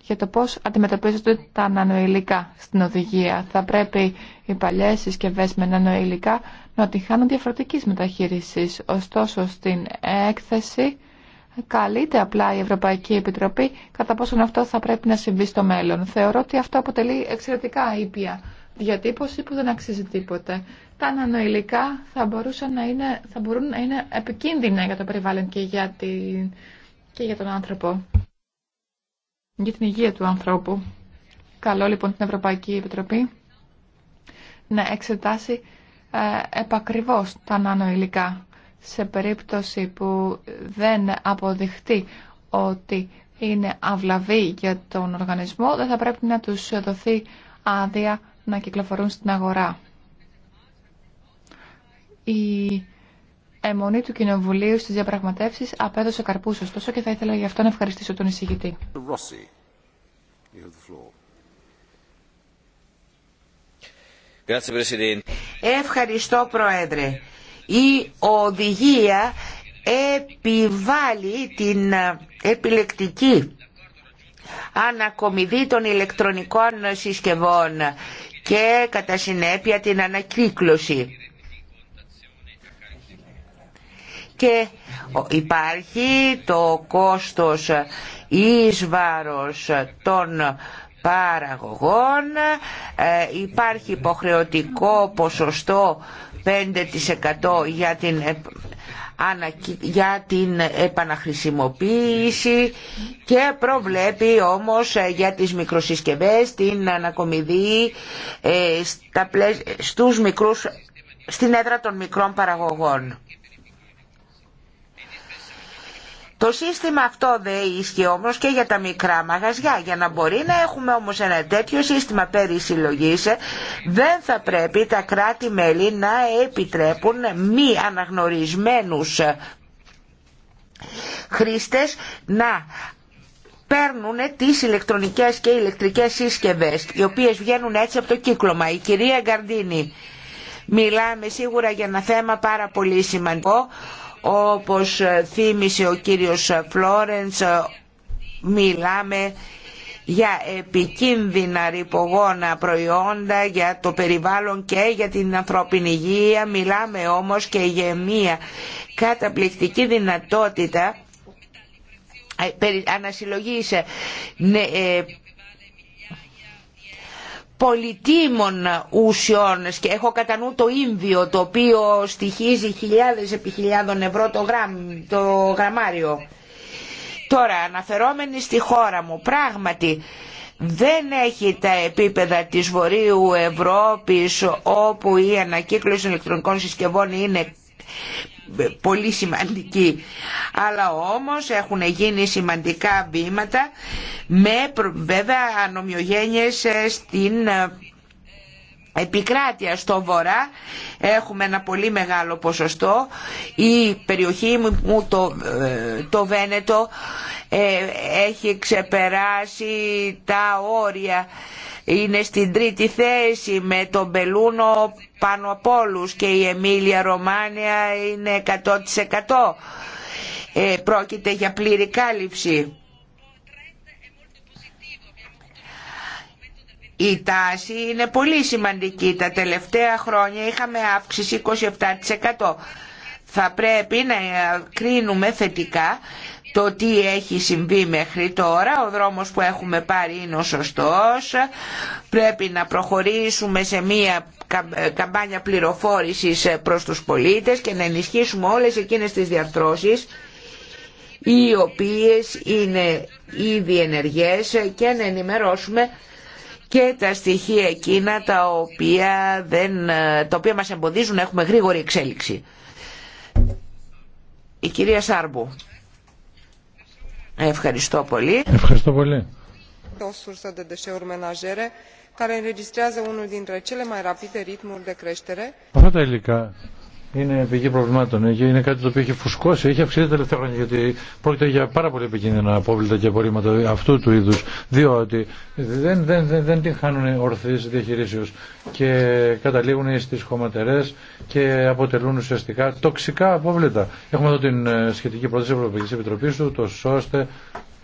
για το πώς αντιμετωπίζονται τα νανοηλικά στην οδηγία. Θα πρέπει οι παλιές συσκευέ με νανοηλικά να τη χάνουν διαφορετικής μεταχείρισης. Ωστόσο, στην έκθεση καλείται απλά η Ευρωπαϊκή Επιτροπή κατά πόσον αυτό θα πρέπει να συμβεί στο μέλλον. Θεωρώ ότι αυτό αποτελεί εξαιρετικά ήπια διατύπωση που δεν αξίζει τίποτε τα νανοηλικά θα, μπορούσαν να είναι, θα μπορούν να είναι επικίνδυνα για το περιβάλλον και για, και για τον άνθρωπο, για την υγεία του ανθρώπου. Καλό λοιπόν την Ευρωπαϊκή Επιτροπή να εξετάσει ε, επακριβώς τα νανοηλικά σε περίπτωση που δεν αποδειχτεί ότι είναι αυλαβή για τον οργανισμό, δεν θα πρέπει να τους δοθεί άδεια να κυκλοφορούν στην αγορά η αιμονή του Κοινοβουλίου στις διαπραγματεύσεις απέδωσε καρπούς ωστόσο και θα ήθελα γι' αυτό να ευχαριστήσω τον εισηγητή. Ευχαριστώ Πρόεδρε. Η οδηγία επιβάλλει την επιλεκτική ανακομιδή των ηλεκτρονικών συσκευών και κατά συνέπεια την ανακύκλωση. και υπάρχει το κόστος εις βάρος των παραγωγών, ε, υπάρχει υποχρεωτικό ποσοστό 5% για την, για την επαναχρησιμοποίηση και προβλέπει όμως ε, για τις μικροσυσκευές την ανακομιδή ε, στους μικρούς, στην έδρα των μικρών παραγωγών. Το σύστημα αυτό δε ίσχυε όμως και για τα μικρά μαγαζιά. Για να μπορεί να έχουμε όμως ένα τέτοιο σύστημα περί δεν θα πρέπει τα κράτη-μέλη να επιτρέπουν μη αναγνωρισμένους χρήστες να παίρνουν τις ηλεκτρονικές και ηλεκτρικές σύσκευες, οι οποίες βγαίνουν έτσι από το κύκλωμα. Η κυρία Γκαρντίνη, μιλάμε σίγουρα για ένα θέμα πάρα πολύ σημαντικό, όπως ε, θύμισε ο κύριος Φλόρενς, ε, μιλάμε για επικίνδυνα ρηπογόνα προϊόντα για το περιβάλλον και για την ανθρώπινη υγεία. Μιλάμε όμως και για μια καταπληκτική δυνατότητα ε, ανασυλλογής πολυτίμων ουσιών και έχω κατά νου το ίμβιο το οποίο στοιχίζει χιλιάδες επί χιλιάδων ευρώ το, γραμμάριο. Τώρα αναφερόμενοι στη χώρα μου πράγματι δεν έχει τα επίπεδα της Βορείου Ευρώπης όπου η ανακύκλωση ηλεκτρονικών συσκευών είναι πολύ σημαντική αλλά όμως έχουν γίνει σημαντικά βήματα με βέβαια ανομοιογένειες ε, στην ε, επικράτεια στο βορρά έχουμε ένα πολύ μεγάλο ποσοστό η περιοχή μου το, ε, το Βένετο έχει ξεπεράσει τα όρια είναι στην τρίτη θέση με τον Μπελούνο πάνω από όλους και η Εμίλια Ρωμάνια είναι 100%. Ε, πρόκειται για πλήρη κάλυψη. Η τάση είναι πολύ σημαντική. Τα τελευταία χρόνια είχαμε αύξηση 27%. Θα πρέπει να κρίνουμε θετικά το τι έχει συμβεί μέχρι τώρα, ο δρόμος που έχουμε πάρει είναι ο σωστός, πρέπει να προχωρήσουμε σε μία ε, καμπάνια πληροφόρησης ε, προς τους πολίτες και να ενισχύσουμε όλες εκείνες τις διαρθρώσεις οι οποίες είναι ήδη ενεργές και να ενημερώσουμε και τα στοιχεία εκείνα τα οποία, δεν, ε, τα οποία μας εμποδίζουν να έχουμε γρήγορη εξέλιξη. Η κυρία Σάρμπου. Ευχαριστώ πολύ. Ευχαριστώ πολύ. O sursă de deșeuri menajere care înregistrează unul dintre cele mai rapide ritmuri de creștere. Αυτά τα είναι πηγή προβλημάτων. Ε, είναι κάτι το οποίο έχει φουσκώσει, έχει αυξηθεί τα τελευταία χρόνια γιατί πρόκειται για πάρα πολύ επικίνδυνα απόβλητα και απορρίμματα αυτού του είδου. Διότι δεν, δεν, δεν, δεν την χάνουν ορθή διαχειρήσεω και καταλήγουν στι χωματερέ και αποτελούν ουσιαστικά τοξικά απόβλητα. Έχουμε εδώ την ε, σχετική πρόταση τη Ευρωπαϊκή Επιτροπή, το ώστε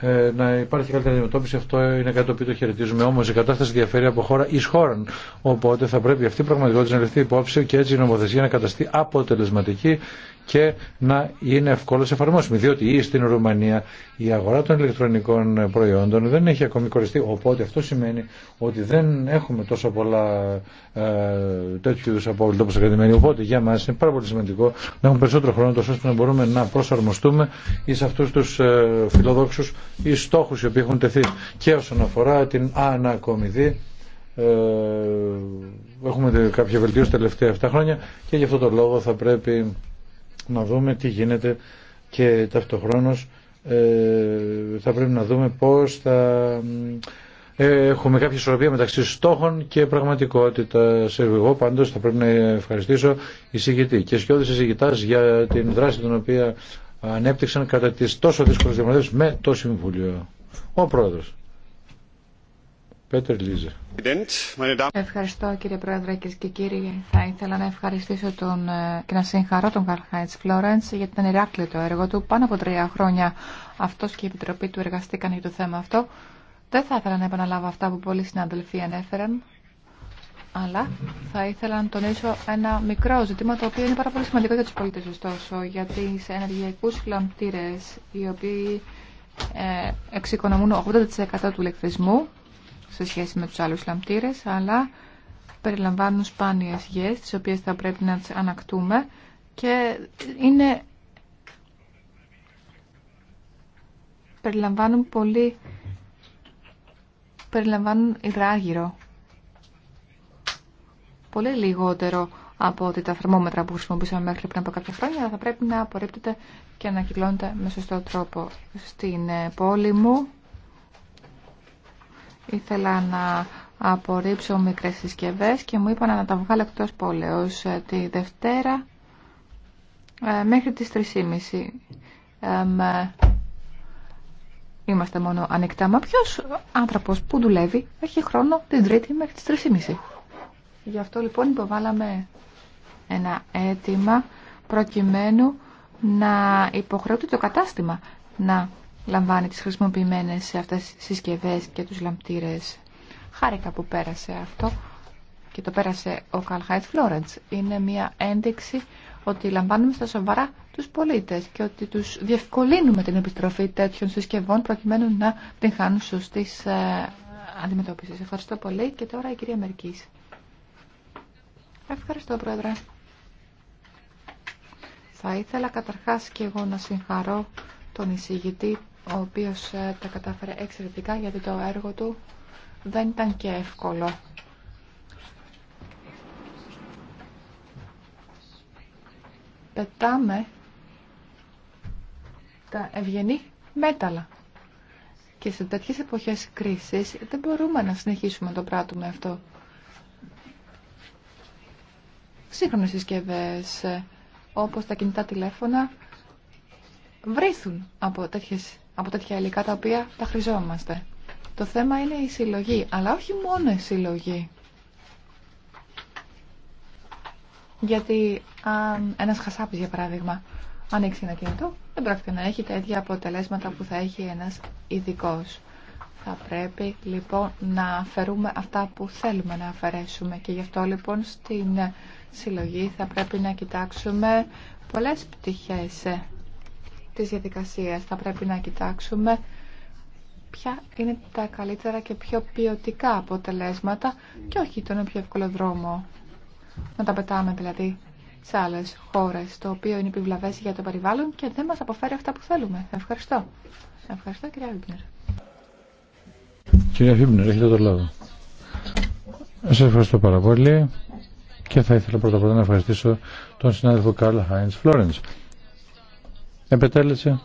ε, να υπάρχει καλύτερη αντιμετώπιση. Αυτό είναι κάτι οποίο το χαιρετίζουμε. Όμω η κατάσταση διαφέρει από χώρα ει χώρα. Οπότε θα πρέπει αυτή η πραγματικότητα να ληφθεί υπόψη και έτσι η νομοθεσία να καταστεί αποτελεσματική και να είναι ευκόλως εφαρμόσιμη. Διότι ή στην Ρουμανία η αγορά των ηλεκτρονικών προϊόντων δεν έχει ακόμη κοριστεί. Οπότε αυτό σημαίνει ότι δεν έχουμε τόσο πολλά ε, τέτοιου είδου απόβλητα όπω Οπότε για μα είναι πάρα πολύ σημαντικό να έχουμε περισσότερο χρόνο τόσο ώστε να μπορούμε να προσαρμοστούμε ει αυτού του ε, φιλοδόξου ή στόχου οι οποίοι έχουν τεθεί. Και όσον αφορά την ανακομιδή. Ε, έχουμε κάποια βελτίωση τα τελευταία 7 χρόνια και γι' αυτό το λόγο θα πρέπει να δούμε τι γίνεται και ταυτοχρόνως ε, θα πρέπει να δούμε πώς θα ε, έχουμε κάποια ισορροπία μεταξύ στόχων και πραγματικότητα. Εγώ πάντως θα πρέπει να ευχαριστήσω εισηγητή και σκιώδης εισηγητάς για την δράση την οποία ανέπτυξαν κατά τις τόσο δύσκολες διαμονές με το Συμβούλιο. Ο Πρόεδρος. Ευχαριστώ κύριε Πρόεδρε και και κύριοι. Θα ήθελα να ευχαριστήσω τον, ε, και να συγχαρώ τον Καρλ Φλόρεντς γιατί για την το έργο του. Πάνω από τρία χρόνια αυτός και η Επιτροπή του εργαστήκαν για το θέμα αυτό. Δεν θα ήθελα να επαναλάβω αυτά που πολλοί συναδελφοί ανέφεραν, αλλά θα ήθελα να τονίσω ένα μικρό ζήτημα το οποίο είναι πάρα πολύ σημαντικό για τους πολίτες ωστόσο, γιατί σε ενεργειακούς φλαμπτήρες οι οποίοι ε, εξοικονομούν 80% του ηλεκτρισμού σε σχέση με τους άλλους λαμπτήρες, αλλά περιλαμβάνουν σπάνιες γιές, τις οποίες θα πρέπει να τις ανακτούμε και είναι... περιλαμβάνουν πολύ... περιλαμβάνουν υδράγυρο. Πολύ λιγότερο από ότι τα θερμόμετρα που χρησιμοποιήσαμε μέχρι πριν από κάποια χρόνια, αλλά θα πρέπει να απορρίπτεται και να κυκλώνεται με σωστό τρόπο. Στην ε, πόλη μου ήθελα να απορρίψω μικρές συσκευές και μου είπαν να τα βγάλω εκτός πόλεως ε, τη Δευτέρα ε, μέχρι τις 3.30. Ε, είμαστε μόνο ανοιχτά. Μα ποιο άνθρωπο που δουλεύει έχει χρόνο την Τρίτη μέχρι τις 3.30. Γι' αυτό λοιπόν υποβάλαμε ένα αίτημα προκειμένου να υποχρεωθεί το κατάστημα να λαμβάνει τις χρησιμοποιημένες σε αυτές τις συσκευές και τους λαμπτήρες. Χάρηκα που πέρασε αυτό και το πέρασε ο Καλχάιτ Φλόρεντς. Είναι μια ένδειξη ότι λαμβάνουμε στα σοβαρά τους πολίτες και ότι τους διευκολύνουμε την επιστροφή τέτοιων συσκευών προκειμένου να την χάνουν σωστής ε, αντιμετώπισης. Ευχαριστώ πολύ και τώρα η κυρία Μερκής. Ευχαριστώ Πρόεδρε. Θα ήθελα καταρχάς και εγώ να συγχαρώ τον εισηγητή ο οποίος ε, τα κατάφερε εξαιρετικά γιατί το έργο του δεν ήταν και εύκολο. Πετάμε τα ευγενή μέταλλα. Και σε τέτοιες εποχές κρίσης δεν μπορούμε να συνεχίσουμε να το πράττουμε αυτό. Σύγχρονες συσκευές ε, όπως τα κινητά τηλέφωνα βρίσκουν από τέτοιες από τέτοια υλικά τα οποία τα χρειαζόμαστε. Το θέμα είναι η συλλογή, αλλά όχι μόνο η συλλογή. Γιατί αν ένας χασάπης, για παράδειγμα, ανοίξει ένα κινητό, δεν πρόκειται να έχει τα αποτελέσματα που θα έχει ένας ειδικό. Θα πρέπει λοιπόν να αφαιρούμε αυτά που θέλουμε να αφαιρέσουμε και γι' αυτό λοιπόν στην συλλογή θα πρέπει να κοιτάξουμε πολλές πτυχές της διαδικασία. Θα πρέπει να κοιτάξουμε ποια είναι τα καλύτερα και πιο ποιοτικά αποτελέσματα και όχι τον πιο εύκολο δρόμο. Να τα πετάμε δηλαδή σε άλλε χώρε, το οποίο είναι επιβλαβέ για το περιβάλλον και δεν μα αποφέρει αυτά που θέλουμε. Ευχαριστώ. Ευχαριστώ, κυρία Βίμπνερ. Κυρία Βίμπνερ, έχετε το λόγο. Σα ευχαριστώ πάρα πολύ και θα ήθελα πρώτα απ' όλα να ευχαριστήσω τον συνάδελφο Καρλ Χάιντ Φλόρεντ επετέλεσε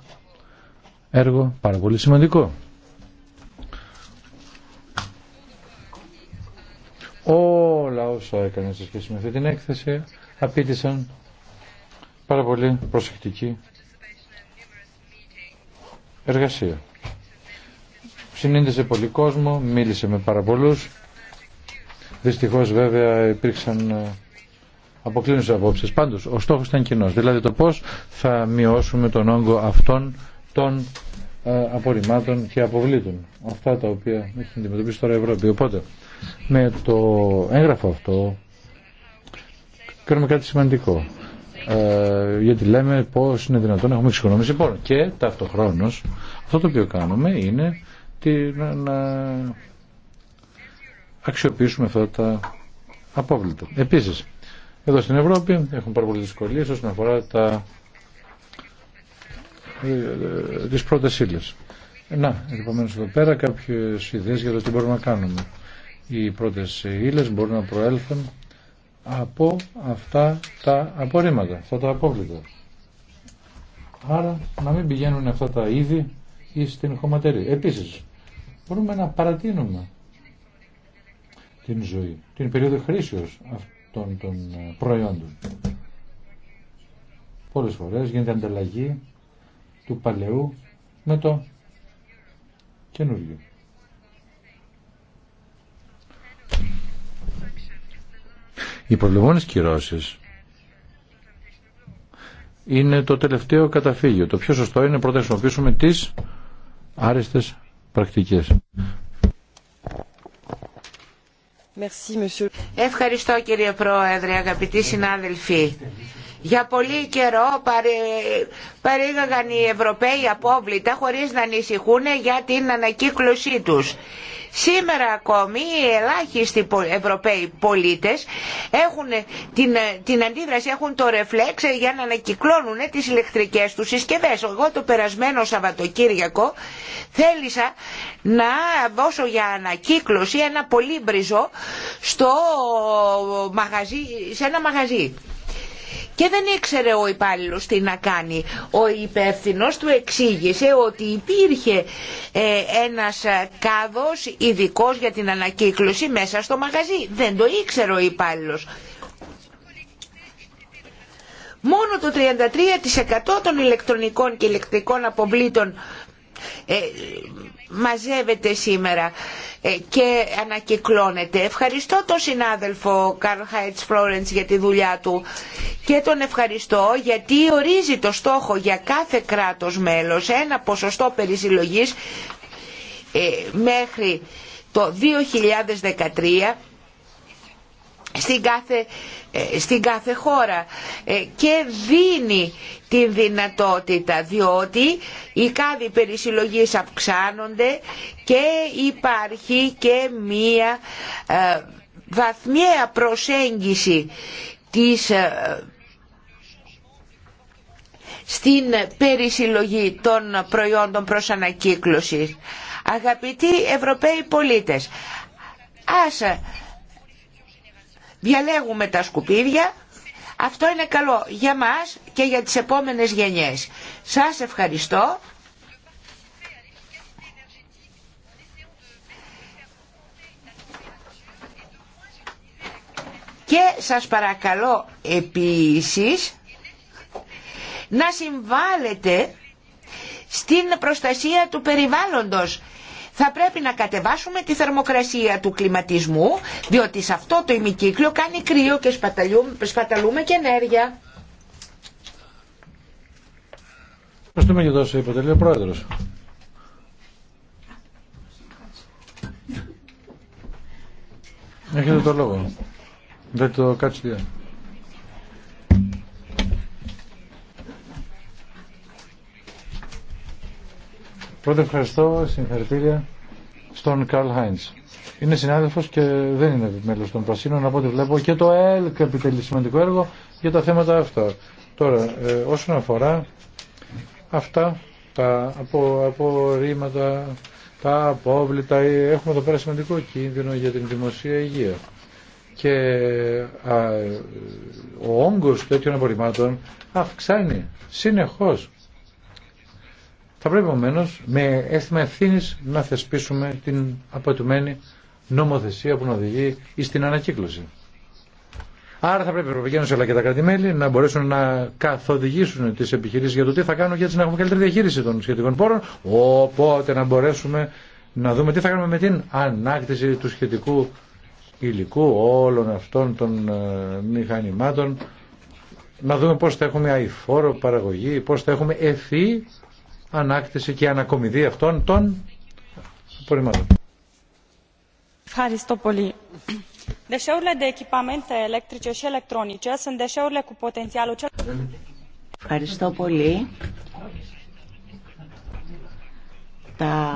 έργο πάρα πολύ σημαντικό. Όλα όσα έκανε σε σχέση με αυτή την έκθεση απίτησαν πάρα πολύ προσεκτική εργασία. Συνήντησε πολύ κόσμο, μίλησε με πάρα πολλούς. Δυστυχώς βέβαια υπήρξαν ε, αποκλίνω στις απόψεις. Πάντως, ο στόχο ήταν κοινό. Δηλαδή το πώ θα μειώσουμε τον όγκο αυτών των ε, απορριμμάτων και αποβλήτων. Αυτά τα οποία έχει αντιμετωπίσει τώρα η Ευρώπη. Οπότε, με το έγγραφο αυτό κάνουμε κάτι σημαντικό. Ε, γιατί λέμε πώ είναι δυνατόν να έχουμε εξοικονόμηση πόρων. Και ταυτοχρόνω, αυτό το οποίο κάνουμε είναι τη, να, να αξιοποιήσουμε αυτά τα απόβλητα. Επίσης, εδώ στην Ευρώπη έχουν πάρα πολλές δυσκολίες όσον αφορά τα... Ε, ε, τις πρώτες ύλες. Να, επομένως εδώ πέρα κάποιες ιδέες για το τι μπορούμε να κάνουμε. Οι πρώτες ύλες μπορούν να προέλθουν από αυτά τα απορρίμματα, αυτά τα απόβλητα. Άρα να μην πηγαίνουν αυτά τα είδη ή στην χωματερή. Επίσης, μπορούμε να παρατείνουμε την ζωή, την περίοδο χρήσεως των, των ε, προϊόντων. Πολλές φορές γίνεται ανταλλαγή του παλαιού με το καινούργιο. Οι προβλημόνες κυρώσεις είναι το τελευταίο καταφύγιο. Το πιο σωστό είναι πρώτα να χρησιμοποιήσουμε τις άρεστες πρακτικές. Ευχαριστώ κύριε Πρόεδρε, αγαπητοί συνάδελφοι. Για πολύ καιρό παρήγαγαν οι Ευρωπαίοι απόβλητα χωρίς να ανησυχούν για την ανακύκλωσή τους. Σήμερα ακόμη οι ελάχιστοι Ευρωπαίοι πολίτες έχουν την, ε, την αντίδραση, έχουν το ρεφλέξ ε, για να ανακυκλώνουν ε, τις ηλεκτρικές τους συσκευές. Εγώ το περασμένο Σαββατοκύριακο θέλησα να δώσω για ανακύκλωση ένα πολύμπριζο στο μαγαζί, σε ένα μαγαζί. Και δεν ήξερε ο υπάλληλος τι να κάνει. Ο υπεύθυνο του εξήγησε ότι υπήρχε ε, ένας κάδος ειδικό για την ανακύκλωση μέσα στο μαγαζί. Δεν το ήξερε ο υπάλληλος. Μόνο το 33% των ηλεκτρονικών και ηλεκτρικών αποβλήτων ε, μαζεύεται σήμερα ε, και ανακυκλώνεται. Ευχαριστώ τον συνάδελφο Καρλ Χάιτς Φλόρεντς για τη δουλειά του και τον ευχαριστώ γιατί ορίζει το στόχο για κάθε κράτος μέλος ένα ποσοστό περισυλλογής ε, μέχρι το 2013 ε, στην κάθε, χώρα ε, και δίνει την δυνατότητα διότι οι κάδοι περισυλλογής αυξάνονται και υπάρχει και μία ε, βαθμιαία προσέγγιση της στην περισυλλογή των προϊόντων προς ανακύκλωση. Αγαπητοί Ευρωπαίοι πολίτες, ας διαλέγουμε τα σκουπίδια. Αυτό είναι καλό για μας και για τις επόμενες γενιές. Σας ευχαριστώ. Και σας παρακαλώ επίσης να συμβάλλετε στην προστασία του περιβάλλοντος θα πρέπει να κατεβάσουμε τη θερμοκρασία του κλιματισμού διότι σε αυτό το ημικύκλιο κάνει κρύο και σπαταλούμε και ενέργεια. Ευχαριστούμε και τόσο υποτελεί ο Πρόεδρος. Έχετε το λόγο. Δεν το κάτσετε. Πρώτα ευχαριστώ, συγχαρητήρια στον Καρλ Χάιντ. Είναι συνάδελφος και δεν είναι μέλο των Πρασίνων, από ό,τι βλέπω και το ΕΛΚ επιτελεί σημαντικό έργο για τα θέματα αυτά. Τώρα, ε, όσον αφορά αυτά τα απο, απορρίμματα, τα απόβλητα, ε, έχουμε εδώ πέρα σημαντικό κίνδυνο για την δημοσία υγεία. Και ε, ο όγκος τέτοιων απορριμμάτων αυξάνει συνεχώς. Θα πρέπει επομένω με αίσθημα ευθύνη να θεσπίσουμε την αποτυμένη νομοθεσία που να οδηγεί στην ανακύκλωση. Άρα θα πρέπει η Ευρωπαϊκή Ένωση αλλά και τα κρατημέλη να μπορέσουν να καθοδηγήσουν τι επιχειρήσει για το τι θα κάνουν για να έχουμε καλύτερη διαχείριση των σχετικών πόρων. Οπότε να μπορέσουμε να δούμε τι θα κάνουμε με την ανάκτηση του σχετικού υλικού όλων αυτών των ε, μηχανημάτων. Να δούμε πώ θα έχουμε αηφόρο παραγωγή, πώ θα έχουμε ευθύ ανάκτηση και ανακομιδή αυτών των απορριμμάτων. Ευχαριστώ πολύ. Deșeurile de echipamente electrice și electronice sunt deșeurile cu potențialul cel Ευχαριστώ πολύ. Τα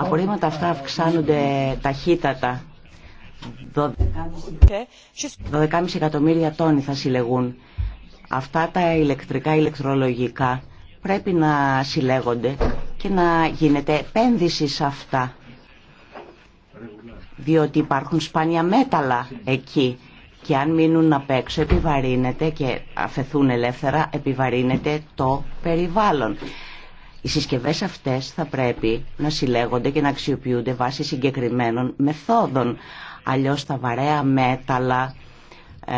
απορρίμματα αυτά αυξάνονται ταχύτατα. 12,5 εκατομμύρια τόνοι θα συλλεγούν. Αυτά τα ηλεκτρικά, ηλεκτρολογικά πρέπει να συλλέγονται και να γίνεται επένδυση σε αυτά. Διότι υπάρχουν σπάνια μέταλλα εκεί και αν μείνουν να έξω επιβαρύνεται και αφαιθούν ελεύθερα επιβαρύνεται το περιβάλλον. Οι συσκευές αυτές θα πρέπει να συλλέγονται και να αξιοποιούνται βάσει συγκεκριμένων μεθόδων. Αλλιώς τα βαρέα μέταλλα ε,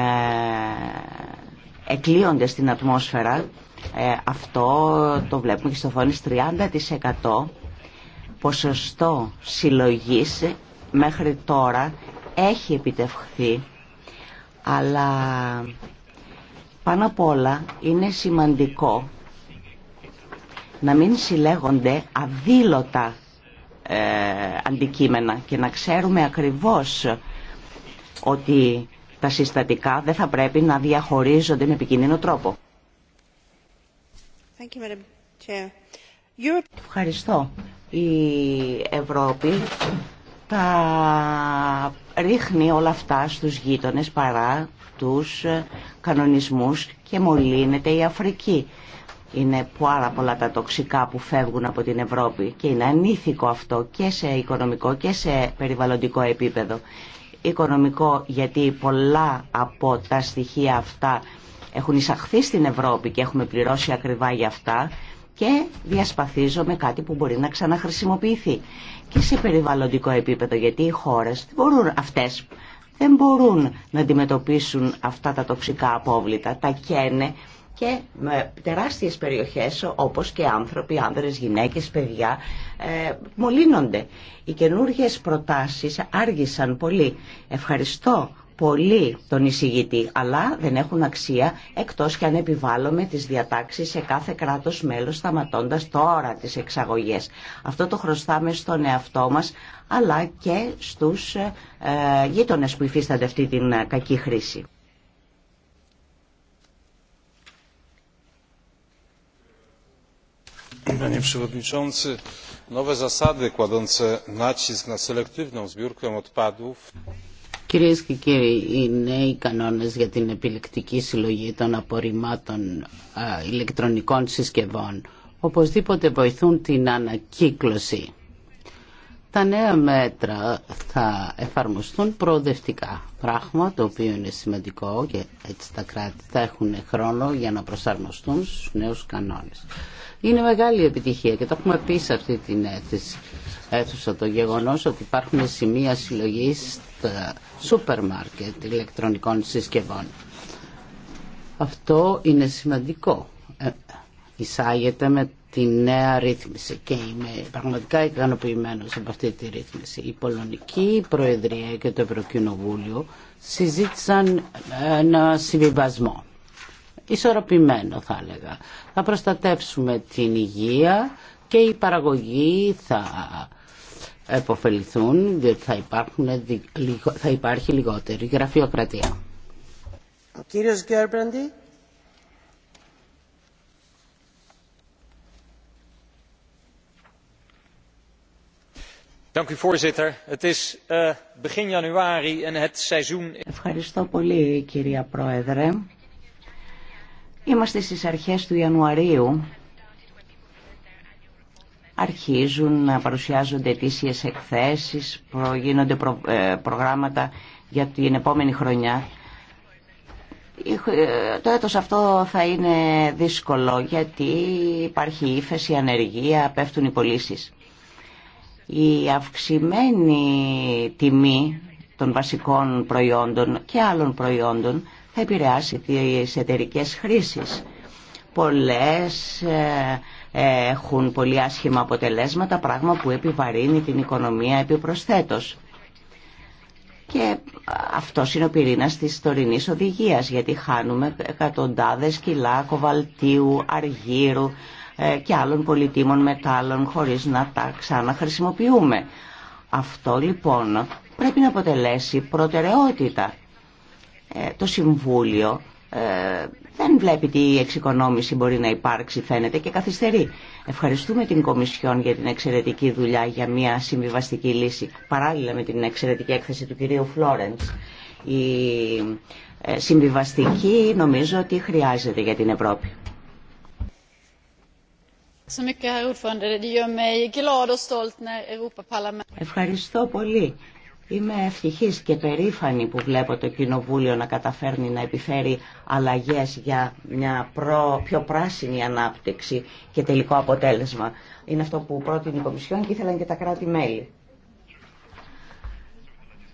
εκλείονται στην ατμόσφαιρα ε, αυτό το βλέπουμε και στο φόνης 30% ποσοστό συλλογής μέχρι τώρα έχει επιτευχθεί αλλά πάνω απ' όλα είναι σημαντικό να μην συλλέγονται αδήλωτα ε, αντικείμενα και να ξέρουμε ακριβώς ότι τα συστατικά δεν θα πρέπει να διαχωρίζονται με επικίνδυνο τρόπο. Ευχαριστώ. Η Ευρώπη τα ρίχνει όλα αυτά στους γείτονες παρά τους ε, κανονισμούς και μολύνεται η Αφρική. Είναι πάρα πολλά τα τοξικά που φεύγουν από την Ευρώπη και είναι ανήθικο αυτό και σε οικονομικό και σε περιβαλλοντικό επίπεδο. Οικονομικό γιατί πολλά από τα στοιχεία αυτά έχουν εισαχθεί στην Ευρώπη και έχουμε πληρώσει ακριβά για αυτά και διασπαθίζομαι κάτι που μπορεί να ξαναχρησιμοποιηθεί και σε περιβαλλοντικό επίπεδο γιατί οι χώρες δεν μπορούν αυτές δεν μπορούν να αντιμετωπίσουν αυτά τα τοξικά απόβλητα, τα καίνε και με τεράστιες περιοχές όπως και άνθρωποι, άνδρες, γυναίκες, παιδιά ε, μολύνονται. Οι καινούργιες προτάσεις άργησαν πολύ. Ευχαριστώ πολύ τον εισηγητή, αλλά δεν έχουν αξία εκτός και αν επιβάλλουμε τις διατάξεις σε κάθε κράτος μέλος σταματώντα τώρα τις εξαγωγές. Αυτό το χρωστάμε στον εαυτό μας, αλλά και στους ε, γείτονες που υφίστανται αυτή την ε, κακή χρήση. panie przewodniczący! nowe zasady kładące nacisk na selektywną Κυρίες και κύριοι, οι νέοι κανόνες για την επιλεκτική συλλογή των απορριμμάτων ηλεκτρονικών συσκευών οπωσδήποτε βοηθούν την ανακύκλωση. Τα νέα μέτρα θα εφαρμοστούν προοδευτικά, πράγμα το οποίο είναι σημαντικό και έτσι τα κράτη θα έχουν χρόνο για να προσαρμοστούν στους νέους κανόνες. Είναι μεγάλη επιτυχία και το έχουμε πει σε αυτή την αίθουσα το γεγονός ότι υπάρχουν σημεία συλλογής ε, σούπερ μάρκετ ηλεκτρονικών συσκευών. Αυτό είναι σημαντικό. Ε, εισάγεται με τη νέα ρύθμιση και είμαι πραγματικά ικανοποιημένο από αυτή τη ρύθμιση. Η Πολωνική Προεδρία και το Ευρωκοινοβούλιο συζήτησαν ένα συμβιβασμό. Ισορροπημένο θα έλεγα. Θα προστατεύσουμε την υγεία και η παραγωγή θα επωφεληθούν διότι θα, υπάρχουν, θα υπάρχει λιγότερη γραφειοκρατία. Ο κύριος Γκέρμπραντι. Ευχαριστώ πολύ κυρία Πρόεδρε. Είμαστε στις αρχές του Ιανουαρίου αρχίζουν να παρουσιάζονται αιτήσιες εκθέσεις, γίνονται ε, προγράμματα για την επόμενη χρονιά. Ε, το έτος αυτό θα είναι δύσκολο γιατί υπάρχει ύφεση, ανεργία, πέφτουν οι πωλήσει. Η αυξημένη τιμή των βασικών προϊόντων και άλλων προϊόντων θα επηρεάσει τις εταιρικές χρήσεις. Πολλές ε, έχουν πολύ άσχημα αποτελέσματα, πράγμα που επιβαρύνει την οικονομία επιπροσθέτως. Και αυτό είναι ο πυρήνα τη τωρινή οδηγία, γιατί χάνουμε εκατοντάδε κιλά κοβαλτίου, αργύρου ε, και άλλων πολυτήμων μετάλλων χωρίς να τα ξαναχρησιμοποιούμε. Αυτό λοιπόν πρέπει να αποτελέσει προτεραιότητα. Ε, το Συμβούλιο ε, δεν βλέπει τι εξοικονόμηση μπορεί να υπάρξει φαίνεται και καθυστερεί. Ευχαριστούμε την Κομισιόν για την εξαιρετική δουλειά για μια συμβιβαστική λύση παράλληλα με την εξαιρετική έκθεση του κυρίου Φλόρεντς. Η ε, συμβιβαστική νομίζω ότι χρειάζεται για την Ευρώπη. Ευχαριστώ πολύ. Είμαι ευτυχής και περήφανη που βλέπω το Κοινοβούλιο να καταφέρνει να επιφέρει αλλαγές για μια πιο πράσινη ανάπτυξη και τελικό αποτέλεσμα. Είναι αυτό που πρότεινε η Κομισιόν και ήθελαν και τα κράτη-μέλη.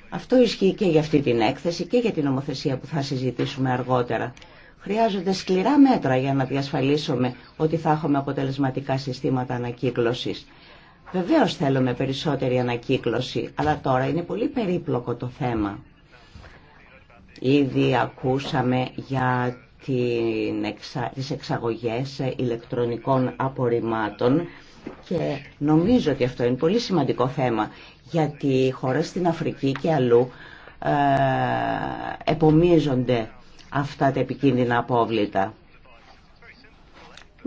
Αυτό ισχύει και για αυτή την έκθεση και για την νομοθεσία που θα συζητήσουμε αργότερα. Χρειάζονται σκληρά μέτρα για να διασφαλίσουμε ότι θα έχουμε αποτελεσματικά συστήματα ανακύκλωσης. Βεβαίω θέλουμε περισσότερη ανακύκλωση, αλλά τώρα είναι πολύ περίπλοκο το θέμα. Ήδη ακούσαμε για την εξα... τις εξαγωγές ηλεκτρονικών απορριμμάτων και νομίζω ότι αυτό είναι πολύ σημαντικό θέμα γιατί οι χώρες στην Αφρική και αλλού ε, επομίζονται αυτά τα επικίνδυνα απόβλητα.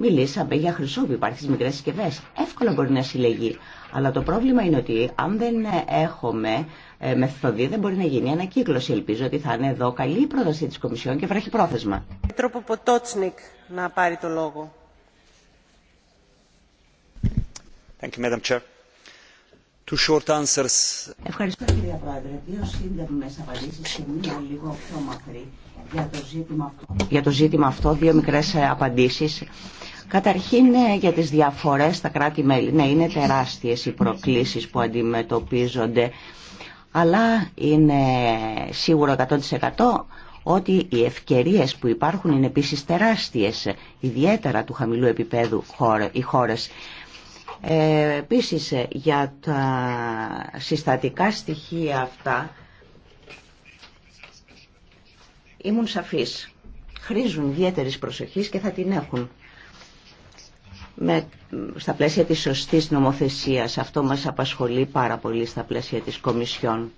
Μιλήσαμε για υπάρχει στις μικρές συσκευέ. Εύκολα μπορεί να συλλεγεί. Αλλά το πρόβλημα είναι ότι αν δεν έχουμε ε, μεθοδή δεν μπορεί να γίνει ανακύκλωση. Ελπίζω ότι θα είναι εδώ καλή η πρόταση της Κομισιόν και βράχει πρόθεσμα. Τρόπο Ποτότσνικ να πάρει το λόγο. Ευχαριστώ κυρία Πρόεδρε. Δύο σύντομες απαντήσεις και μία λίγο πιο μακρύ για το ζήτημα αυτό. Για το ζήτημα αυτό δύο μικρές ε, απαντήσεις. Καταρχήν ναι, για τις διαφορές στα κράτη-μέλη. Ναι, είναι τεράστιες οι προκλήσεις που αντιμετωπίζονται, αλλά είναι σίγουρο 100% ότι οι ευκαιρίες που υπάρχουν είναι επίσης τεράστιες, ιδιαίτερα του χαμηλού επίπεδου οι χώρες. Ε, επίσης για τα συστατικά στοιχεία αυτά ήμουν σαφής. Χρίζουν ιδιαίτερης προσοχής και θα την έχουν με, στα πλαίσια της σωστής νομοθεσίας. Αυτό μας απασχολεί πάρα πολύ στα πλαίσια της Κομισιόν.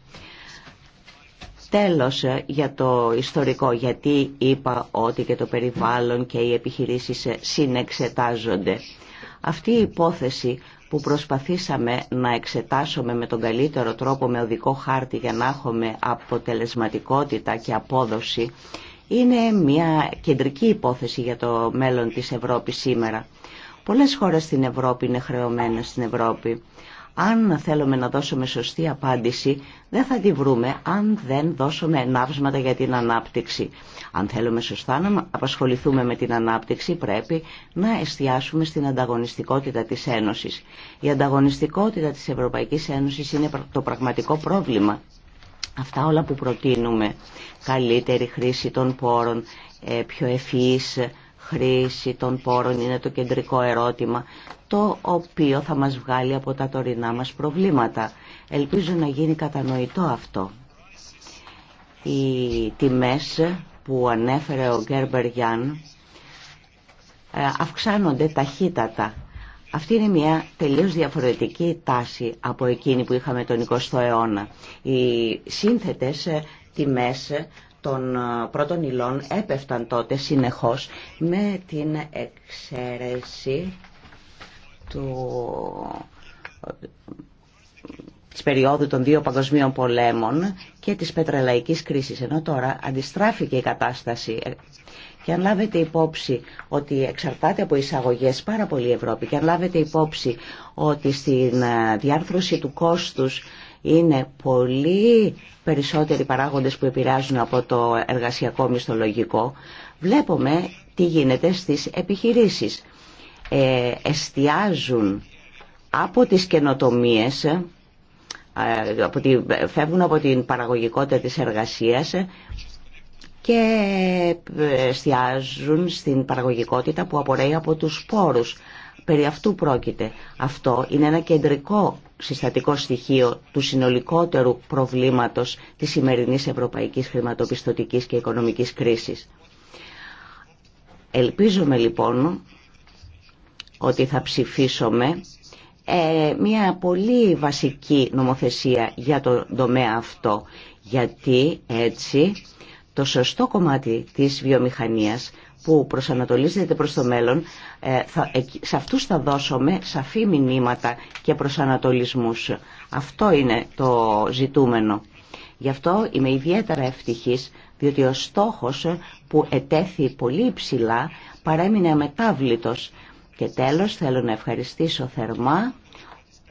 Τέλος ε, για το ιστορικό, γιατί είπα ότι και το περιβάλλον και οι επιχειρήσεις ε, συνεξετάζονται. Αυτή η υπόθεση που προσπαθήσαμε να εξετάσουμε με τον καλύτερο τρόπο με οδικό χάρτη για να έχουμε αποτελεσματικότητα και απόδοση είναι μια κεντρική υπόθεση για το μέλλον της Ευρώπης σήμερα. Πολλές χώρες στην Ευρώπη είναι χρεωμένες στην Ευρώπη. Αν θέλουμε να δώσουμε σωστή απάντηση, δεν θα τη βρούμε αν δεν δώσουμε ενάψματα για την ανάπτυξη. Αν θέλουμε σωστά να απασχοληθούμε με την ανάπτυξη, πρέπει να εστιάσουμε στην ανταγωνιστικότητα της Ένωσης. Η ανταγωνιστικότητα της Ευρωπαϊκής Ένωσης είναι το πραγματικό πρόβλημα. Αυτά όλα που προτείνουμε, καλύτερη χρήση των πόρων, ε, πιο ευφυής χρήση των πόρων είναι το κεντρικό ερώτημα, το οποίο θα μας βγάλει από τα τωρινά μας προβλήματα. Ελπίζω να γίνει κατανοητό αυτό. Οι τιμές που ανέφερε ο Γκέρμπερ Γιάν ε, αυξάνονται ταχύτατα. Αυτή είναι μια τελείως διαφορετική τάση από εκείνη που είχαμε τον 20ο αιώνα. Οι σύνθετες ε, τιμές των ε, πρώτων υλών έπεφταν τότε συνεχώς με την εξαίρεση του ε, της περίοδου των δύο παγκοσμίων πολέμων και της πετρελαϊκής κρίσης. Ενώ τώρα αντιστράφηκε η κατάσταση ε, και αν λάβετε υπόψη ότι εξαρτάται από εισαγωγές πάρα πολύ η Ευρώπη και αν λάβετε υπόψη ότι στην διάρθρωση του κόστους είναι πολύ περισσότεροι παράγοντες που επηρεάζουν από το εργασιακό μισθολογικό. Βλέπουμε τι γίνεται στις επιχειρήσεις. Ε, εστιάζουν από τις καινοτομίες ε, φεύγουν από την παραγωγικότητα της εργασίας και ε, εστιάζουν στην παραγωγικότητα που απορρέει από τους πόρους. Περί αυτού πρόκειται. Αυτό είναι ένα κεντρικό συστατικό στοιχείο του συνολικότερου προβλήματος της σημερινής ευρωπαϊκής χρηματοπιστωτικής και οικονομικής κρίσης. Ελπίζουμε λοιπόν ότι θα ψηφίσουμε ε, μια πολύ βασική νομοθεσία για τον τομέα αυτό, γιατί έτσι το σωστό κομμάτι της βιομηχανίας που προσανατολίζεται προς το μέλλον, ε, σε αυτούς θα δώσουμε σαφή μηνύματα και προσανατολισμούς. Αυτό είναι το ζητούμενο. Γι' αυτό είμαι ιδιαίτερα ευτυχής, διότι ο στόχος που ετέθη πολύ υψηλά παρέμεινε αμετάβλητος. Και τέλος θέλω να ευχαριστήσω θερμά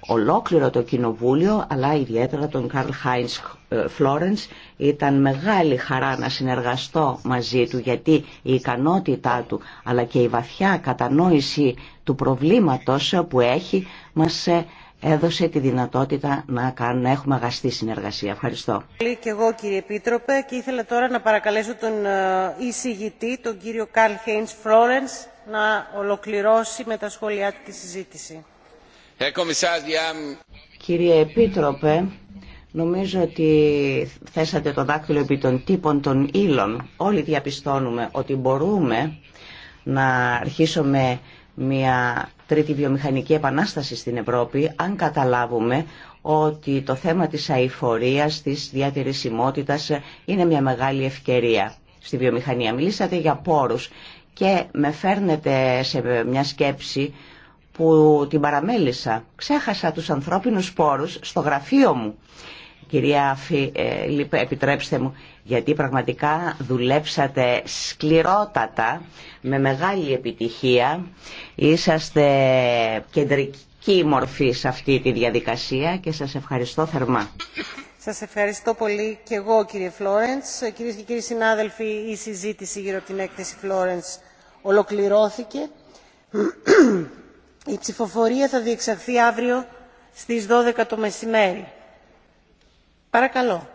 ολόκληρο το κοινοβούλιο αλλά ιδιαίτερα τον Καρλ Χάινς ε, Φλόρενς ήταν μεγάλη χαρά να συνεργαστώ μαζί του γιατί η ικανότητά του αλλά και η βαθιά κατανόηση του προβλήματος που έχει μας ε, έδωσε τη δυνατότητα να, κάνουμε, έχουμε αγαστή συνεργασία. Ευχαριστώ. Και εγώ κύριε Επίτροπε και ήθελα τώρα να παρακαλέσω τον ε, εισηγητή, τον κύριο Καρλ Χέινς Φλόρενς να ολοκληρώσει με τα σχόλιά συζήτηση. Κύριε Επίτροπε, νομίζω ότι θέσατε το δάκτυλο επί των τύπων των ύλων. Όλοι διαπιστώνουμε ότι μπορούμε να αρχίσουμε μια τρίτη βιομηχανική επανάσταση στην Ευρώπη αν καταλάβουμε ότι το θέμα της αηφορίας, της διατηρησιμότητας είναι μια μεγάλη ευκαιρία στη βιομηχανία. Μιλήσατε για πόρους και με φέρνετε σε μια σκέψη που την παραμέλησα. Ξέχασα τους ανθρώπινους σπόρους στο γραφείο μου. Κυρία Αφή, ε, επιτρέψτε μου, γιατί πραγματικά δουλέψατε σκληρότατα, με μεγάλη επιτυχία. Είσαστε κεντρική μορφή σε αυτή τη διαδικασία και σας ευχαριστώ θερμά. Σας ευχαριστώ πολύ και εγώ κύριε Φλόρεντς. Κυρίες και κύριοι συνάδελφοι, η συζήτηση γύρω από την έκθεση Φλόρεντς ολοκληρώθηκε. Η ψηφοφορία θα διεξαχθεί αύριο στις 12 το μεσημέρι. Παρακαλώ.